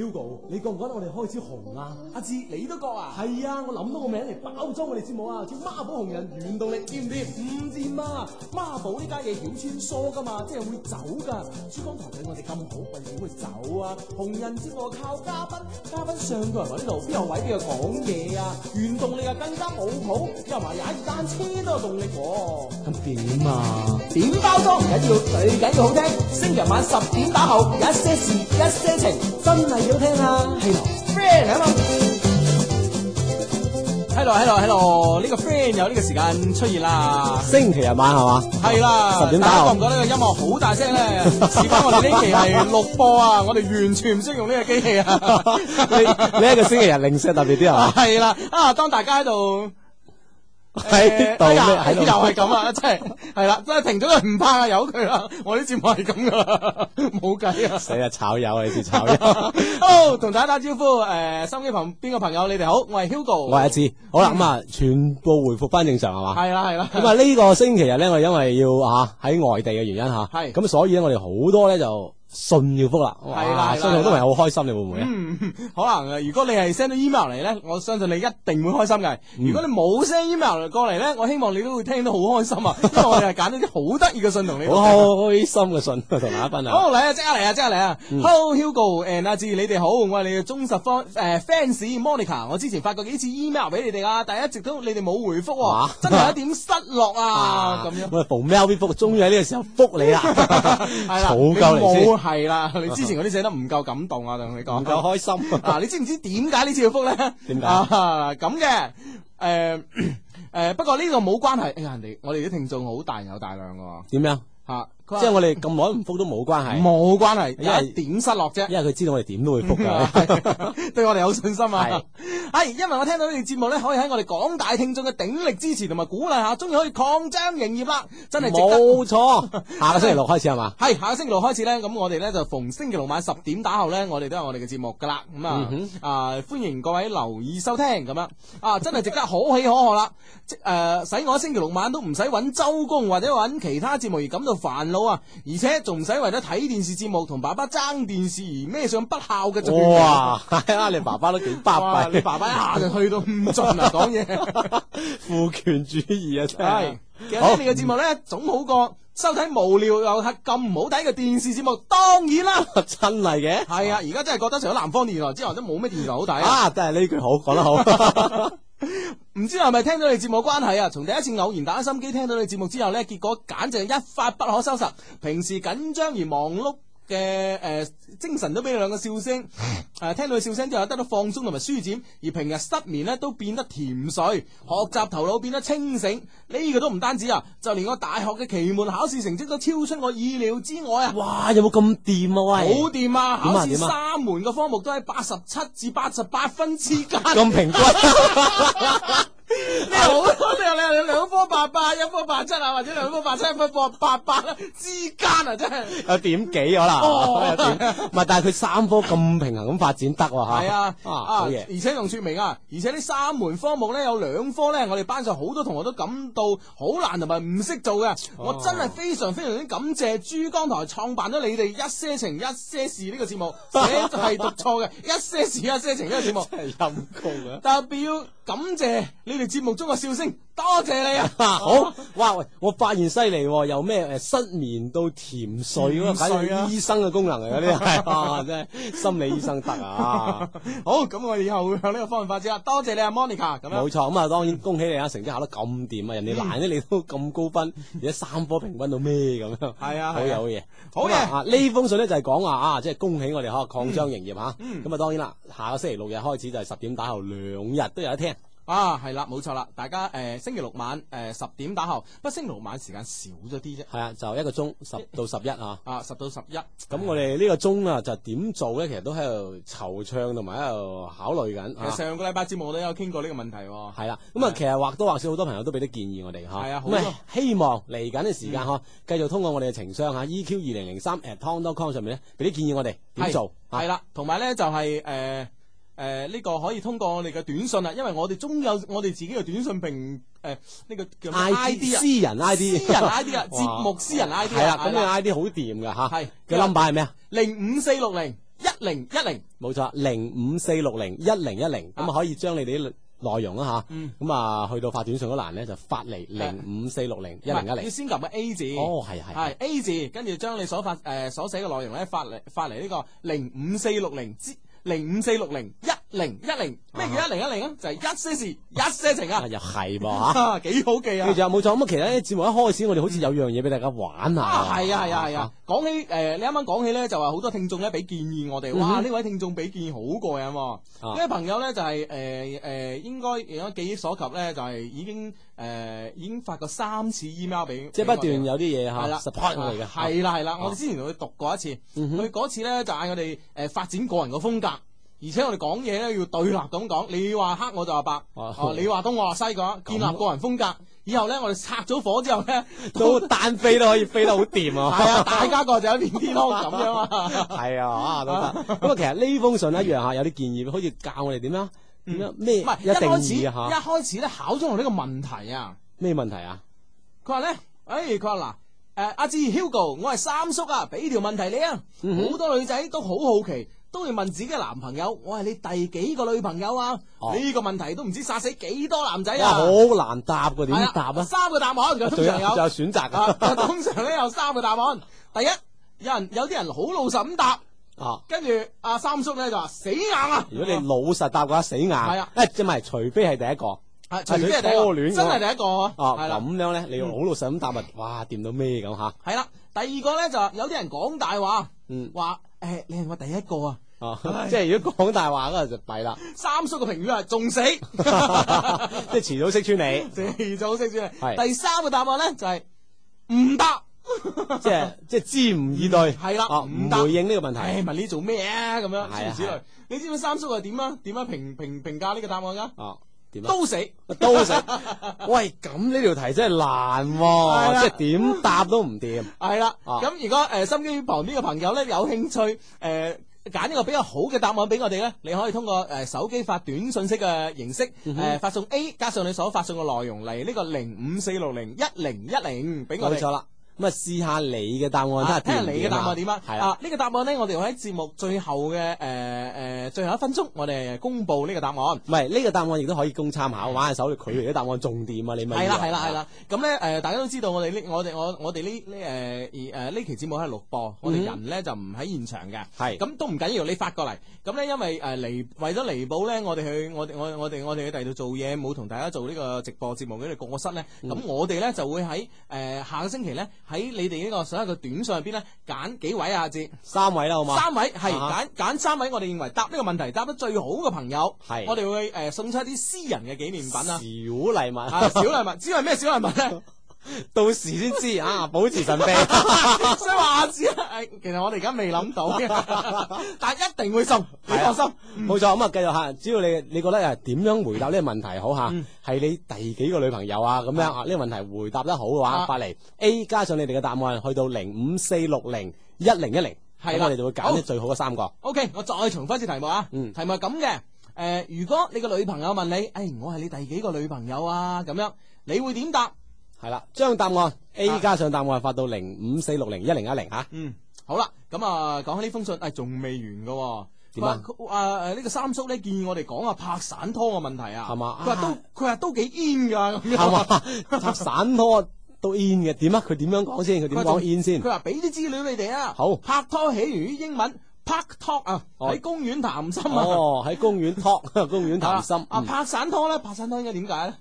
Hugo，你覺唔覺得我哋開始紅啦，啊？阿志，啊，你都覺啊？係啊，我諗到個名嚟包裝我哋節目啊，叫孖寶紅人原動力，掂唔掂？唔掂啦，孖寶呢家嘢曉穿梭噶嘛，即係會走噶。珠江台對我哋咁好，為點會走啊？紅人節目靠嘉賓，嘉賓上到嚟我呢度，邊個位畀佢講嘢啊？原動力啊更加冇譜，又埋踩住單車都動力喎。咁點啊？啊啊點包裝唔緊要，最緊要好聽。星期晚十點打後，一些事，一些情，真係。好聽啦，h 係咯，friend 嚟啊嘛，係咯係咯係咯，呢個 friend 有呢個時間出現啦，星期日晚係嘛，係啦，但係覺唔覺得呢個音樂好大聲咧？事關我哋呢期係錄播啊，我哋完全唔識用呢個機器啊，你呢一個星期日零舍特別啲啊，係啦，啊當大家喺度。係，哎呀，又係咁啊！真係，係啦，真係停咗都唔怕啊，由佢啦，我啲節目係咁噶啦，冇計啊！死啊，炒友啊，你知炒友。 好，同大家打招呼。誒、呃，收機旁邊嘅朋友？你哋好，我係 Hugo，我係阿志。好啦，咁啊，全部回復翻正常係嘛？係啦，係啦。 咁啊，呢、嗯、個星期日咧，我因為要啊喺外地嘅原因吓，係咁的所以咧，我哋好多咧就。 信要覆啦，係啦，信都係好開心，你會唔會啊？可能啊。如果你係 send 到 email 嚟咧，我相信你一定會開心嘅。如果你冇 send email 嚟過嚟咧，我希望你都會聽得好開心啊。因為我哋係揀咗啲好得意嘅信同你，好開心嘅信同大家分享啊。好嚟啊，即刻嚟啊，即刻嚟啊。Hello Hugo，誒，阿志你哋好，我係你嘅忠實方誒 fans Monica，我之前發過幾次 email 俾你哋啊，但係一直都你哋冇回覆，真係有一點失落啊咁樣。我 email 未覆，終於喺呢個時候覆你啦，係啦，好夠先。係啦，你之前嗰啲寫得唔夠感動啊，同 你講唔夠開心。嗱、 啊，你知唔知點解呢次要復咧？點解咁嘅？誒誒、啊呃呃呃，不過呢個冇關係。哎呀，人哋我哋啲聽眾好大有大量噶。點樣吓？啊即係我哋咁耐唔復都冇關係，冇關係，因為點失落啫？因為佢知道我哋點都會復噶， 對我哋有信心啊！係是，因為我聽到呢條節目咧，可以喺我哋廣大聽眾嘅鼎力支持同埋鼓勵下，終於可以擴張營業啦！真係冇錯，下個星期六開始係嘛？係 下個星期六開始咧，咁我哋咧就逢星期六晚十點打後咧，我哋都係我哋嘅節目噶啦。咁啊啊、嗯哼呃，歡迎各位留意收聽咁樣啊！真係值得可喜可賀啦！即誒、 呃、使我星期六晚都唔使搵周公或者搵其他節目而感到煩惱。好啊！而且仲唔使為咗睇電視節目同爸爸爭電視而孭上不孝嘅罪名哇！拉 你爸爸都幾巴閉， 你爸爸一下就去到五桌嚟講嘢， 話 父權主義啊！真係， 其實呢個節目咧總好過收睇無聊又係咁唔好睇嘅電視節目，當然啦， 真係嘅。係啊，而家真係覺得除咗南方電台之外都冇咩電視台好睇 啊！都係呢句好講得好。 唔 知係咪聽到你節目關係啊？從第一次偶然打開心機聽到你節目之後咧，結果簡直係一發不可收拾。平時緊張而忙碌。嘅誒、呃，精神都俾你兩個笑聲，誒、呃，聽到笑聲之後得到放鬆同埋舒展，而平日失眠咧都變得甜睡，學習頭腦變得清醒，呢、這個都唔單止啊，就連我大學嘅期末考試成績都超出我意料之外啊！哇，有冇咁掂啊？喂，好掂啊！考試三門嘅科目都喺八十七至八十八分之間，咁平均。 你好啦，你你兩科八八，一科八七啊，或者兩科八七，一科八八之間啊，真係有點幾咗啦。啊、哦，唔係，但係佢三科咁平衡咁發展得吓。係啊，好嘢，而且仲說明啊，而且呢三門科目咧有兩科咧，我哋班上好多同學都感到好難同埋唔識做嘅。哦、我真係非常非常之感謝珠江台創辦咗你哋一些情一些事呢個節目，寫題讀錯嘅 一些事一些情呢個節目。真係陰功啊！ 特別要感謝你。節目中嘅笑聲，多謝你啊！好哇，我發現犀利由咩誒失眠到甜睡，睇佢醫生嘅功能啊！呢啲係真係心理醫生得啊！好，咁，我哋以後會向呢個方向發展啊！多謝你啊，Monica，咁冇錯咁啊！當然恭喜你啊，成績考得咁掂啊！人哋難得，你都咁高分，而且三科平均到咩咁樣係啊，好有嘢好嘅啊！呢封信咧就係講話啊，即係恭喜我哋可擴張營業吓，咁啊，當然啦，下個星期六日開始就係十點打後兩日都有一聽。啊，係啦，冇錯啦，大家誒、呃、星期六晚誒、呃、十點打後，不星期六晚時間少咗啲啫。係啊，就一個鐘十到十一啊。啊，十到十一。咁我哋呢個鐘啊，就點做咧？其實都喺度惆悵，同埋喺度考慮緊。其實上個禮拜節目我都有傾過呢個問題喎。係啦，咁啊，其實或多或少好多朋友都俾啲建議我哋嚇。係啊，好多。咁咪希望嚟緊嘅時間呵，嗯、繼續通過我哋嘅情商嚇、啊、EQ 二零零三 at tom.com 上面咧，俾啲建議我哋點做。係。係啦，同埋咧就係、係、誒。呃呃誒，呢個可以通過我哋嘅短信啊，因為我哋中有我哋自己嘅短信並誒，呢個叫 I D 私人 I D 私人 I D 啊節目私人 I D 係啦，咁你 I D 好掂噶吓，係嘅 number 係咩啊？零五四六零一零一零，冇錯，零五四六零一零一零，咁啊可以將你哋啲內容啊吓，咁啊去到發短信嗰欄咧就發嚟零五四六零一零一零，要先撳個 A 字哦，係係係 A 字，跟住將你所發誒所寫嘅內容咧發嚟發嚟呢個零五四六零零五四六零一零一零，咩叫一零一零啊？就係一些事，一些情啊！又係喎，吓，幾好記啊！跟住又冇錯，咁其實呢節目一開始我哋好似有樣嘢俾大家玩下啊！係啊係啊係啊！講起誒、呃，你啱啱講起咧，就話好多聽眾咧俾建議我哋，哇！呢、嗯、哼位聽眾俾建議好過癮、啊，呢位、啊、朋友咧就係誒誒，應該如果記憶所及咧就係、是、已經。誒，已經發過三次 email 俾，即係不斷有啲嘢吓，support 嚟嘅。係啦係啦，我哋之前同佢讀過一次，佢嗰次咧就嗌我哋誒發展個人嘅風格，而且我哋講嘢咧要對立咁講，你話黑我就話白，你話東我話西咁，建立個人風格。以後咧我哋拆咗火之後咧，都單飛都可以飛得好掂啊！係啊，大家各就有啲啲咯，咁樣啊。係啊，都得。咁啊，其實呢封信一樣嚇，有啲建議，好似教我哋點樣，咩？唔係不是 一開始，一,一開始咧考中我呢個問題，問題、哎呃、啊？咩問題啊？佢話咧，誒，佢話嗱，誒，阿志 Hugo，我係三叔啊，俾條問題你啊，好多女仔都好好奇，都會問自己嘅男朋友，我係你第幾個女朋友啊？呢、哦、個問題都唔知殺死幾多男仔啊！好、欸、難答嘅，點答啊、哎？三個答案，就通常有，就選擇噶、啊，通常咧有三個，superhero 個答案。第一，有人有啲人好老實咁答。啊！跟住阿三叔咧就話死硬啊！如果你老實答嘅話，死硬係啊！誒，即係唔係？除非係第一個，係除非第一個，真係第一個啊！咁樣咧，你要好老實咁答物，哇掂到咩咁吓？係啦，第二個咧就話有啲人講大話，嗯，話誒你係我第一個啊！哦，即係如果講大話嗰陣就弊啦。三叔嘅評語啊，仲死，即係遲早識穿你，遲早識穿你。係第三個答案咧就係唔答。即係即係知唔以對，係啦，唔回應呢個問題。誒，問你做咩啊？咁樣之類，你知唔知三叔係點啊？點啊？評評評價呢個答案噶？哦，點啊？都死，都死。喂，咁呢條題真係難，即係點答都唔掂。係啦，咁如果誒，身邊旁邊嘅朋友咧有興趣誒，揀一個比較好嘅答案俾我哋咧，你可以通過誒手機發短信息嘅形式誒發送 A 加上你所發送嘅內容嚟呢個零五四六零一零一零俾我哋。冇錯啦。咁啊，試下你嘅答案睇下、啊、你嘅答案點啊！的啊，呢、呢個答案呢，我哋會喺節目最後嘅誒誒最後一分鐘，我哋公布呢個答案。唔係呢個答案亦都可以供參考，玩下手腳佢離啲答案重點啊！你問係啦係啦係啦！咁咧誒，大家都知道我哋呢，我哋我我哋呢呢誒誒呢期節目係錄播，嗯、我哋人咧就唔喺現場嘅。係咁的都唔緊要，你發過嚟。咁咧，因為誒嚟、呃、為咗彌補咧，我哋去我哋我哋我哋去第二度做嘢，冇同大家做呢個直播節目，喺度過室咧。咁、嗯、我哋咧就會喺誒、呃、下個星期咧。喺你哋呢個所有嘅短信入邊咧，揀幾位啊字？三位啦，好嘛？三位係揀揀三位，我哋認為答呢個問題答得最好嘅朋友，係、uh huh. 我哋會誒、呃、送出一啲私人嘅紀念品啊，小禮物啊， 小禮物，知係咩小禮物咧？ 到時先知啊！保持神秘，所以話阿子，其實我哋而家未諗到嘅，但係一定會心，你放心，冇錯咁啊！繼續吓，只要你你覺得誒點樣回答呢個問題好吓，係你第幾個女朋友啊？咁樣啊？呢個問題回答得好嘅話，發嚟 A 加上你哋嘅答案去到零五四六零一零一零，咁我哋就會揀啲最好嘅三個。OK，我再重翻一次題目啊！嗯，題目係咁嘅，誒，如果你個女朋友問你，誒，我係你第幾個女朋友啊？咁樣你會點答？係啦，將答案 A 加上答案發到零五四六零一零一零吓。嗯，好啦，咁啊，講開呢封信，誒，仲未完噶。點啊？誒，呢個三叔咧建議我哋講下拍散拖嘅問題啊。係嘛？佢話都佢話都幾 in 噶。拍散拖都 in 嘅，點啊？佢點樣講先？佢點樣講 in 先？佢話俾啲資料你哋啊。好。拍拖起源於英文 park talk 啊，喺公園談心啊。哦，喺公園 talk，公園談心。啊，拍散拖咧，拍散拖應該點解咧？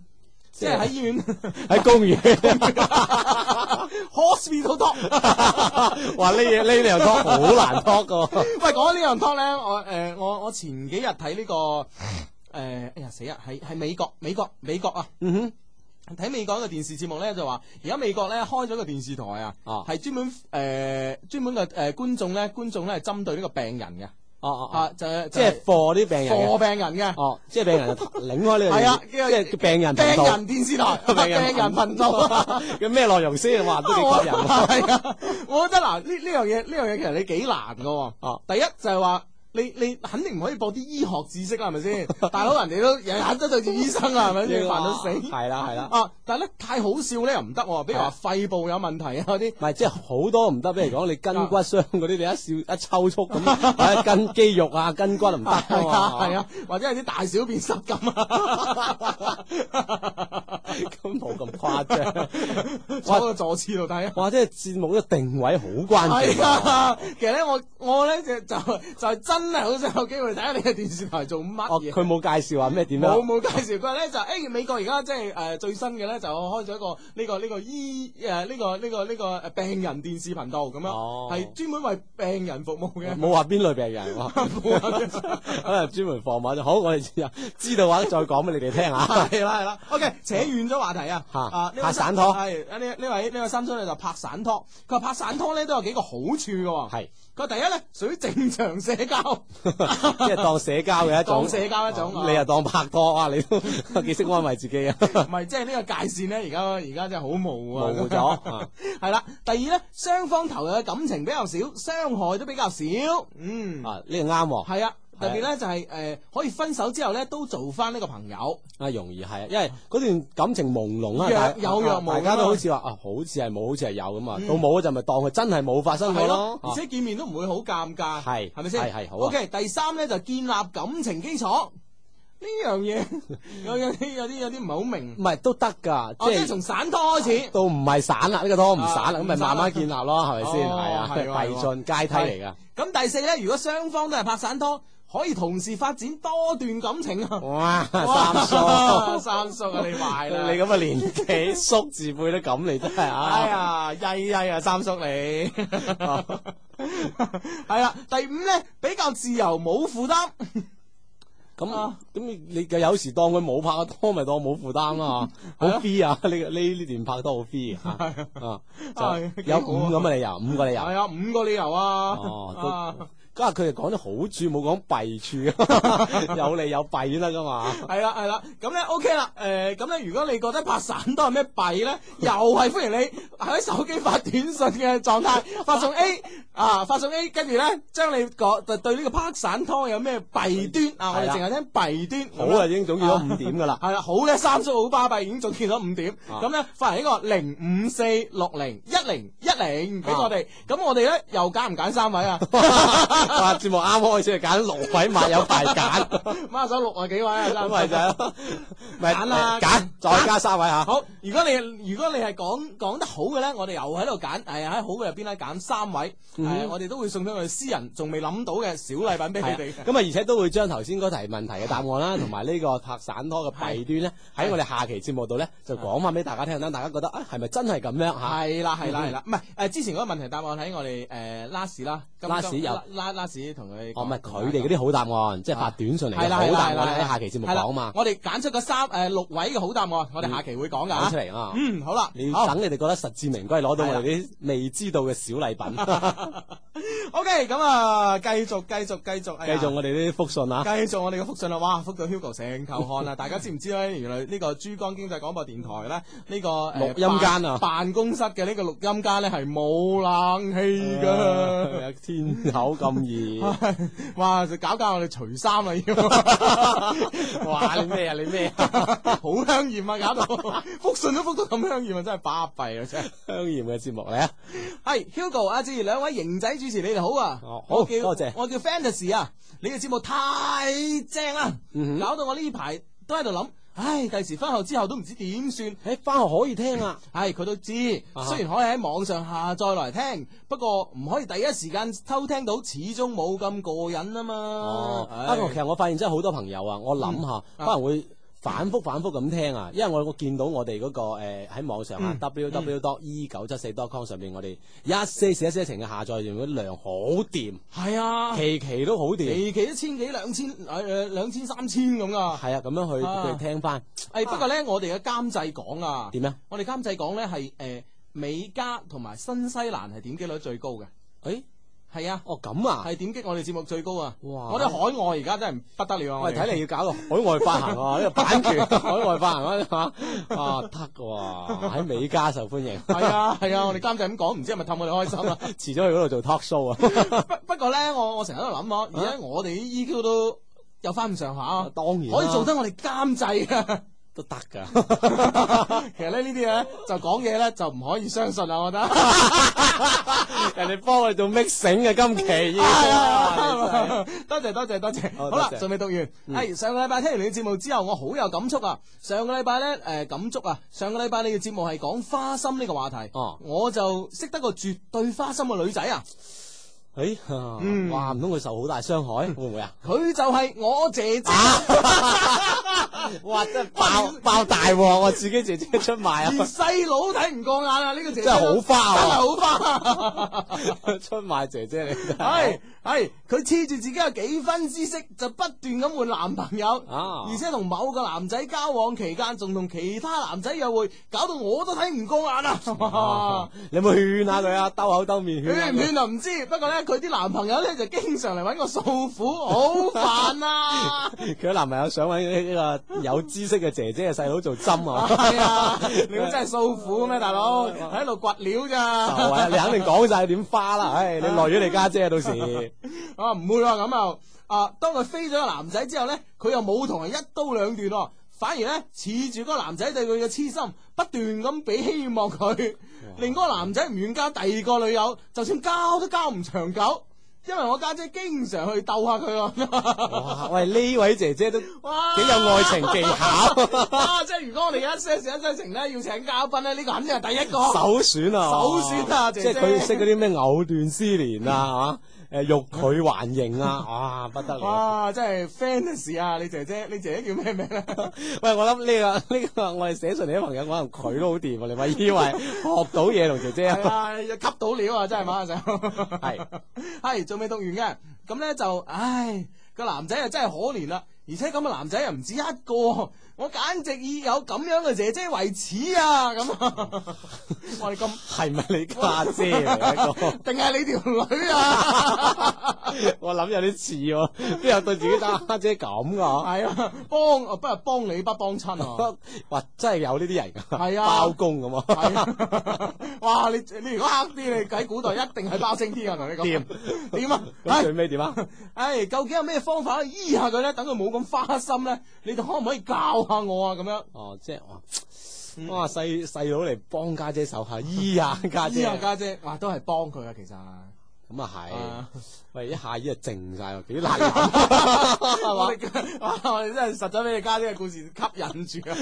即係喺醫院，喺公園 hospital talk 話呢嘢呢樣 talk 好難 talk 嘅、啊。唔係講呢樣 talk 咧，talk，我誒我、呃、我前幾日睇呢、呢個誒、呃、哎呀死啊！喺喺美國美國美國啊，嗯哼，睇美國嘅電視節目咧就話，而家美國咧開咗個電視台啊，係專門誒專、呃、門嘅誒、呃呃、觀眾咧觀眾咧係針對呢個病人嘅。哦哦啊，就係即係 for 啲病人 for 病人嘅哦，即係病人擰 開呢啲，係啊，即係病人頻道，病人電視台， 病人頻道嘅咩內容先話 都幾吸人、 啊，係啊，我覺得嗱，呢呢樣嘢呢樣嘢其實你幾難噶，哦、啊，第一就係話。你你肯定唔可以播啲醫學知識啦，係咪先？大佬人哋都日日都對住醫生啦，係咪先？煩到死。係啦係啦。哦，但係咧太好笑咧又唔得，比如話肺部有問題啊嗰啲。唔係，即係好多唔得。比如講你筋骨傷嗰啲，你一笑一抽搐咁，啊筋肌肉啊筋骨唔得。係啊，或者係啲大小便失禁啊。咁冇咁誇張。坐喺個坐廁度睇。或者係節目嘅定位好關鍵。係啊。其實咧，我我咧就就就係真。真係好想有機會睇下你嘅電視台做乜嘢。哦？佢冇介紹話咩點樣？我冇介紹過咧，就誒、欸、美國而家即係誒最新嘅咧，就開咗一個呢、這個呢、這個醫誒呢個呢、這個呢、這個誒、這個這個、病人電視頻道咁樣，係專、哦、門為病人服務嘅、哦。冇話邊類病人，咁啊專門服務就好。我哋知道，知道話再講俾你哋聽下。係啦係啦，OK，扯遠咗話題啊，吓拍散拖係啊呢呢位呢位新出嚟就拍散拖。佢話拍散拖咧都有幾個好處㗎，係。個第一咧屬於正常社交， 即係當社交嘅一種，當社交一種，啊、你又當拍拖啊！你都幾識安慰自己啊？唔係， 即係呢個界線咧，而家而家真係好模糊咗、啊。係啦、啊， 第二咧，雙方投入嘅感情比較少，傷害都比較少。嗯，啊呢個啱喎。係啊。特別咧就係，誒，可以分手之後咧都做翻呢個朋友啊，容易係，因為嗰段感情朦朧啊，有有有，大家都好似話啊，好似係冇，好似係有咁啊，到冇就咪當佢真係冇發生過咯，而且見面都唔會好尷尬，係係咪先？係係好。OK，第三咧就建立感情基礎呢樣嘢有有啲有啲有啲唔係好明，唔係都得噶，即係從散拖開始到唔係散啦，呢個拖唔散啦，咁咪慢慢建立咯，係咪先？係啊，遞進階梯嚟噶。咁第四咧，如果雙方都係拍散拖。可以同時發展多段感情啊！哇，三叔，三叔啊，你壞啦！你咁啊連幾叔字輩都咁，你真係啊！哎呀，曳曳啊，三叔你係啦，第五咧比較自由冇負擔咁啊！咁你你有時當佢冇拍拖咪當冇負擔啊！好 free 啊！呢呢呢段拍拖好 free 啊！有五咁嘅理由，五個理由係啊，五個理由啊！因為佢哋講咗好處，冇講弊處， 有利有弊啦嘛。係啦係啦，咁咧 OK 啦，誒、呃，咁咧如果你覺得拍散拖有咩弊咧，又係歡迎你喺手機發短信嘅狀態發送 A 啊，發送 A，跟住咧將你講就對呢個拍散拖有咩弊端啊？我哋淨係聽弊端。 端好啦、啊，已經總結咗五點噶啦，係啦， 好咧、啊，三叔好巴閉，已經總結咗五點，咁咧、 嗯、發嚟呢個零五四六零一零一零俾我哋，咁我哋咧又揀唔揀三位啊？ 話節目啱開始，揀六位，碼有排揀，孖手六位幾位啊？位就，揀啦，揀再加三位嚇。好，如果你如果你係講講得好嘅咧，我哋又喺度揀，係喺好嘅入邊咧揀三位，我哋都會送俾我哋私人仲未諗到嘅小禮品俾你哋。咁啊，而且都會將頭先嗰題問題嘅答案啦，同埋呢個拍散拖嘅弊端咧，喺我哋下期節目度咧就講翻俾大家聽啦。大家覺得啊，係咪真係咁樣嚇？係啦，係啦，係啦，唔係誒，之前嗰個問題答案喺我哋誒 last 啦 last 又巴士同佢哦，唔係佢哋嗰啲好答案，即係發短信嚟嘅，好大啦。我哋下期節目講啊嘛。我哋揀出個三誒六位嘅好答案，我哋下期會講嘅揀出嚟啊！嗯，好啦，你等你哋覺得實至名歸攞到我哋啲未知道嘅小禮品。OK，咁啊，繼續繼續繼續繼續我哋啲覆信啊！繼續我哋嘅覆信啦！哇，覆到 Hugo 成頭汗啊！大家知唔知咧？原來呢個珠江經濟廣播電台咧，呢個錄音間啊，辦公室嘅呢個錄音間咧係冇冷氣㗎，天口咁。哎、哇！就搞搞我哋除衫啊！要 哇！你咩啊？你咩啊？好 香艷啊！搞到福信都福到咁香艷啊！真係巴閉啊！真香艷嘅節目嚟啊。係 Hugo 阿志賢兩位型仔主持，你哋好啊！哦，好我叫，多謝我叫 Fantasy 啊！你嘅節目太正啦、啊！嗯、哼搞到我呢排都喺度諗。唉，第時翻學之後都唔知點算，喺翻、欸、學可以聽啊，唉，佢都知，雖然可以喺網上下載嚟聽，不過唔可以第一時間偷聽到，始終冇咁過癮啊嘛。不過、哦、唉其實我發現真係好多朋友啊，我諗下、嗯、可能會。嗯反復反復咁聽啊，因為我我見到我哋嗰、那個誒喺、呃、網上啊，www.e 九七四 .com 上面，我哋一些事一些情嘅下載，用嗰啲量好掂。係啊，期期都好掂，期期一千幾兩千誒誒兩千三千咁啊，係啊，咁樣去去聽翻。誒，不過咧我哋嘅監製講啊，點咧、啊？我哋監製講咧係誒美加同埋新西蘭係點擊率最高嘅。誒、欸。係啊，哦咁啊，係點擊我哋節目最高啊！哇，我哋海外而家真係不得了啊！我哋睇嚟要搞個海外發行啊！呢 個版權海外發行啊吓 啊，得嘅喎，喺 美加受歡迎。係 啊係啊，我哋監製咁講，唔知係咪氹我哋開心啊？遲咗 去嗰度做 talk show 啊！ 不不過咧，我我成日都諗、啊，而家我哋 E Q 都，都有翻唔上下、啊啊，當然、啊、可以做得我哋監製啊！ 都得噶，其實咧呢啲咧就講嘢咧就唔可以相信啊！我覺得， 人哋幫我做 make 醒嘅金奇，多謝多謝多謝，好啦，仲未讀完。係、嗯、上個禮拜聽完你嘅節目之後，我好有感觸啊！上個禮拜咧誒、呃、感觸啊，上個禮拜你嘅節目係講花心呢個話題，uh. 我就識得個絕對花心嘅女仔啊！誒，哇，唔通佢受好大傷害，會唔會啊？佢就係我姐姐，哇，真係爆爆大鑊，我自己姐姐出賣啊！而細佬睇唔過眼啊，呢個姐姐真係好花，真係好花，出賣姐姐嚟！係係，佢黐住自己有幾分知識，就不斷咁換男朋友，而且同某個男仔交往期間，仲同其他男仔約會，搞到我都睇唔過眼啊！你有冇勸下佢啊？兜口兜面勸，勸唔勸就唔知，不過咧。佢啲男朋友咧就經常嚟揾我訴苦，好煩啊！佢啲 男朋友想揾呢個有知識嘅姐姐嘅細佬做針啊！ 哎、你真係訴苦咩，大佬？喺度掘料咋、啊？你肯定講晒點花啦？唉、哎，你耐咗你家姐，姐啊！到時 啊唔會啦咁啊！啊，當佢飛咗個男仔之後咧，佢又冇同人一刀兩斷喎、啊，反而咧恃住嗰個男仔對佢嘅痴心，不斷咁俾希望佢。令嗰個男仔唔願交第二個女友，就算交都交唔長久，因為我家姐，姐經常去逗下佢咯、啊。 喂，呢位姐姐都哇幾有愛情技巧。哇！ 啊、即係如果我哋一些事一些情咧要請嘉賓咧，呢、這個肯定係第一個首選啊！首選啊！啊姐姐。佢識嗰啲咩藕斷絲連啊？吓！ 誒，欲拒還迎啊！哇、啊，不得了！哇，真係 fans 啊！你姐姐，你姐姐叫咩名咧、啊？ 喂，我諗呢個呢個，這個、我哋寫信嚟嘅朋友可能佢都好掂、啊，你咪 以為學到嘢同姐姐係 啊，吸到料啊，真係馬上！係係仲未讀完嘅，咁咧就唉個男仔啊真係可憐啦，而且咁嘅男仔又唔止一個。我簡直以有咁樣嘅姐姐為恥啊！咁我哋咁係咪你家姐定係你條女啊？我諗有啲似喎，邊有對自己家姐咁啊？係啊，幫不如幫你不幫親啊？哇，真係有呢啲人噶，包公咁啊！哇，你你如果黑啲，你喺古代一定係包青天啊！同你講點點啊？咁最尾點啊？唉，究竟有咩方法去醫下佢咧？等佢冇咁花心咧？你哋可唔可以教？怕、啊、我啊咁樣哦，即係哇，我細、嗯、細，細佬嚟幫家姐手下醫下家姐，姐，醫下家 姐，姐，哇，都係幫佢啊，其實，咁啊係。喂！一下子靜晒，幾難啊！係嘛？我哋真係實在俾你家姐嘅故事吸引住 啊！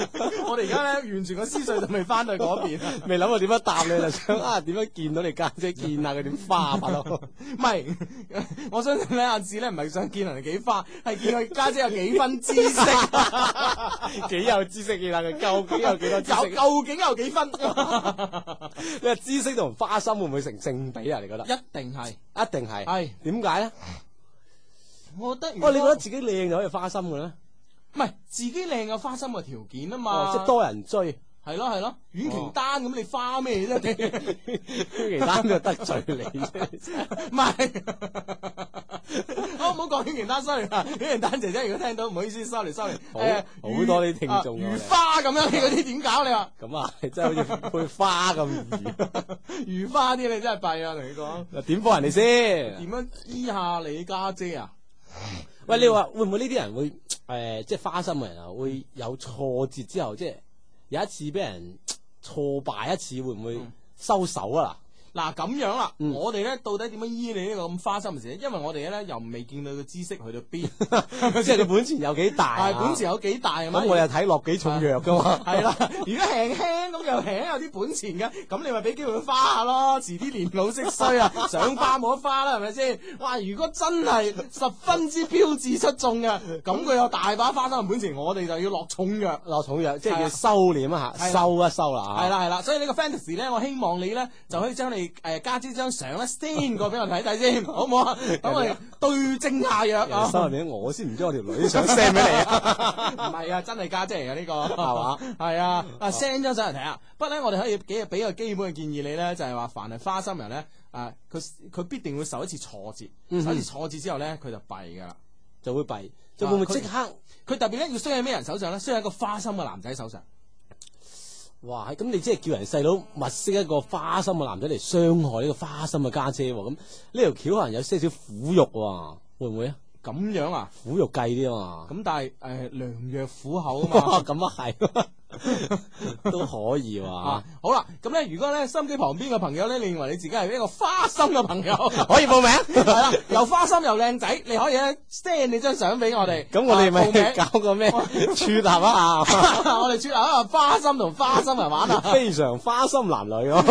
我哋而家咧完全個思緒就未翻去嗰邊，未諗到點樣答你，就想啊點樣見到你家姐，姐見下佢點花法咯？唔係，我相信呢件事咧唔係想見人哋幾花，係見佢家姐，姐有幾分知識，幾 有知識見下佢究竟有幾多有？究竟有幾分？ 你話知識同花心會唔會成正比啊？你覺得？一定係，一定係，係點、哎？點解咧？我覺得，不過、哦、你覺得自己靚就可以花心嘅咧？唔係，自己靚嘅花心嘅條件啊嘛，哦、即係多人追。係咯，係咯，婉瓊丹咁、哦、你花咩啫？婉瓊丹就得罪你啫。唔 係不是，好唔好講婉瓊丹 sorry 啊？婉瓊丹姐姐如果聽到唔好意思，sorry，sorry 好多啲聽眾如花咁樣嗰啲點搞你呀？咁啊，啊真係好似配花咁易。如 花啲你真係弊啊！同你講，點幫人哋先？點樣醫下你家姐，姐啊？喂，你話會唔會呢啲人會誒、呃，即係花心嘅人啊？會有挫折之後即係。有一次俾人挫敗，一次，會唔會收手啊？嗱咁樣啦，嗯、我哋咧到底點樣醫你呢個咁花心嘅事咧？因為我哋咧又未見到個知識去到邊，即係 你本錢有幾大、啊？係 本錢有幾大、啊？咁我又睇落幾重藥嘅嘛。係啦， 如果輕輕咁又輕有啲本錢嘅，咁你咪俾機會花下咯，遲啲年老色衰啊， 想花冇得花啦、啊，係咪先？哇！如果真係十分之標志出眾嘅，咁佢有大把花嘅本錢我哋就要落重藥， 落重藥，即係要收斂啊嚇，的收一收啦嚇。係啦係啦，所以呢個 Fantasy 咧，我希望你咧就可以將你。誒，家姐張相咧先過俾我睇睇先，好唔好我 啊？咁啊，對症下藥啊！我先唔知我條女想 send 俾你啊！唔係啊，真係家姐嚟噶呢個，係嘛 吧？係啊，send 張、啊、相嚟睇下。不過咧，我哋可以幾日俾個基本嘅建議你咧，就係、是、話凡係花心人咧，誒、啊，佢佢必定會受一次挫折，嗯、受一次挫折之後咧，佢就弊噶啦，就會弊，啊、就會唔會即刻。佢特別咧，要衰喺咩人手上咧？衰喺一個花心嘅男仔手上。哇，咁你即係叫人細佬物色一個花心嘅男仔嚟傷害呢個花心嘅家姐，姐，咁呢條橋可能有些少苦肉喎，會唔會啊？咁樣啊？苦肉計啲啊嘛。咁 但係誒、呃，良藥苦口啊嘛。咁啊係。 都可以哇！好啦，咁咧，如果咧心機旁邊嘅朋友咧，你認為你自己係一個花心嘅朋友，可以報名係啦，又花心又靚仔，你可以咧 send 你張相俾我哋。咁我哋咪搞個咩撮合啊？我哋撮合啊，花心同花心嚟玩啊，非常花心男女啊。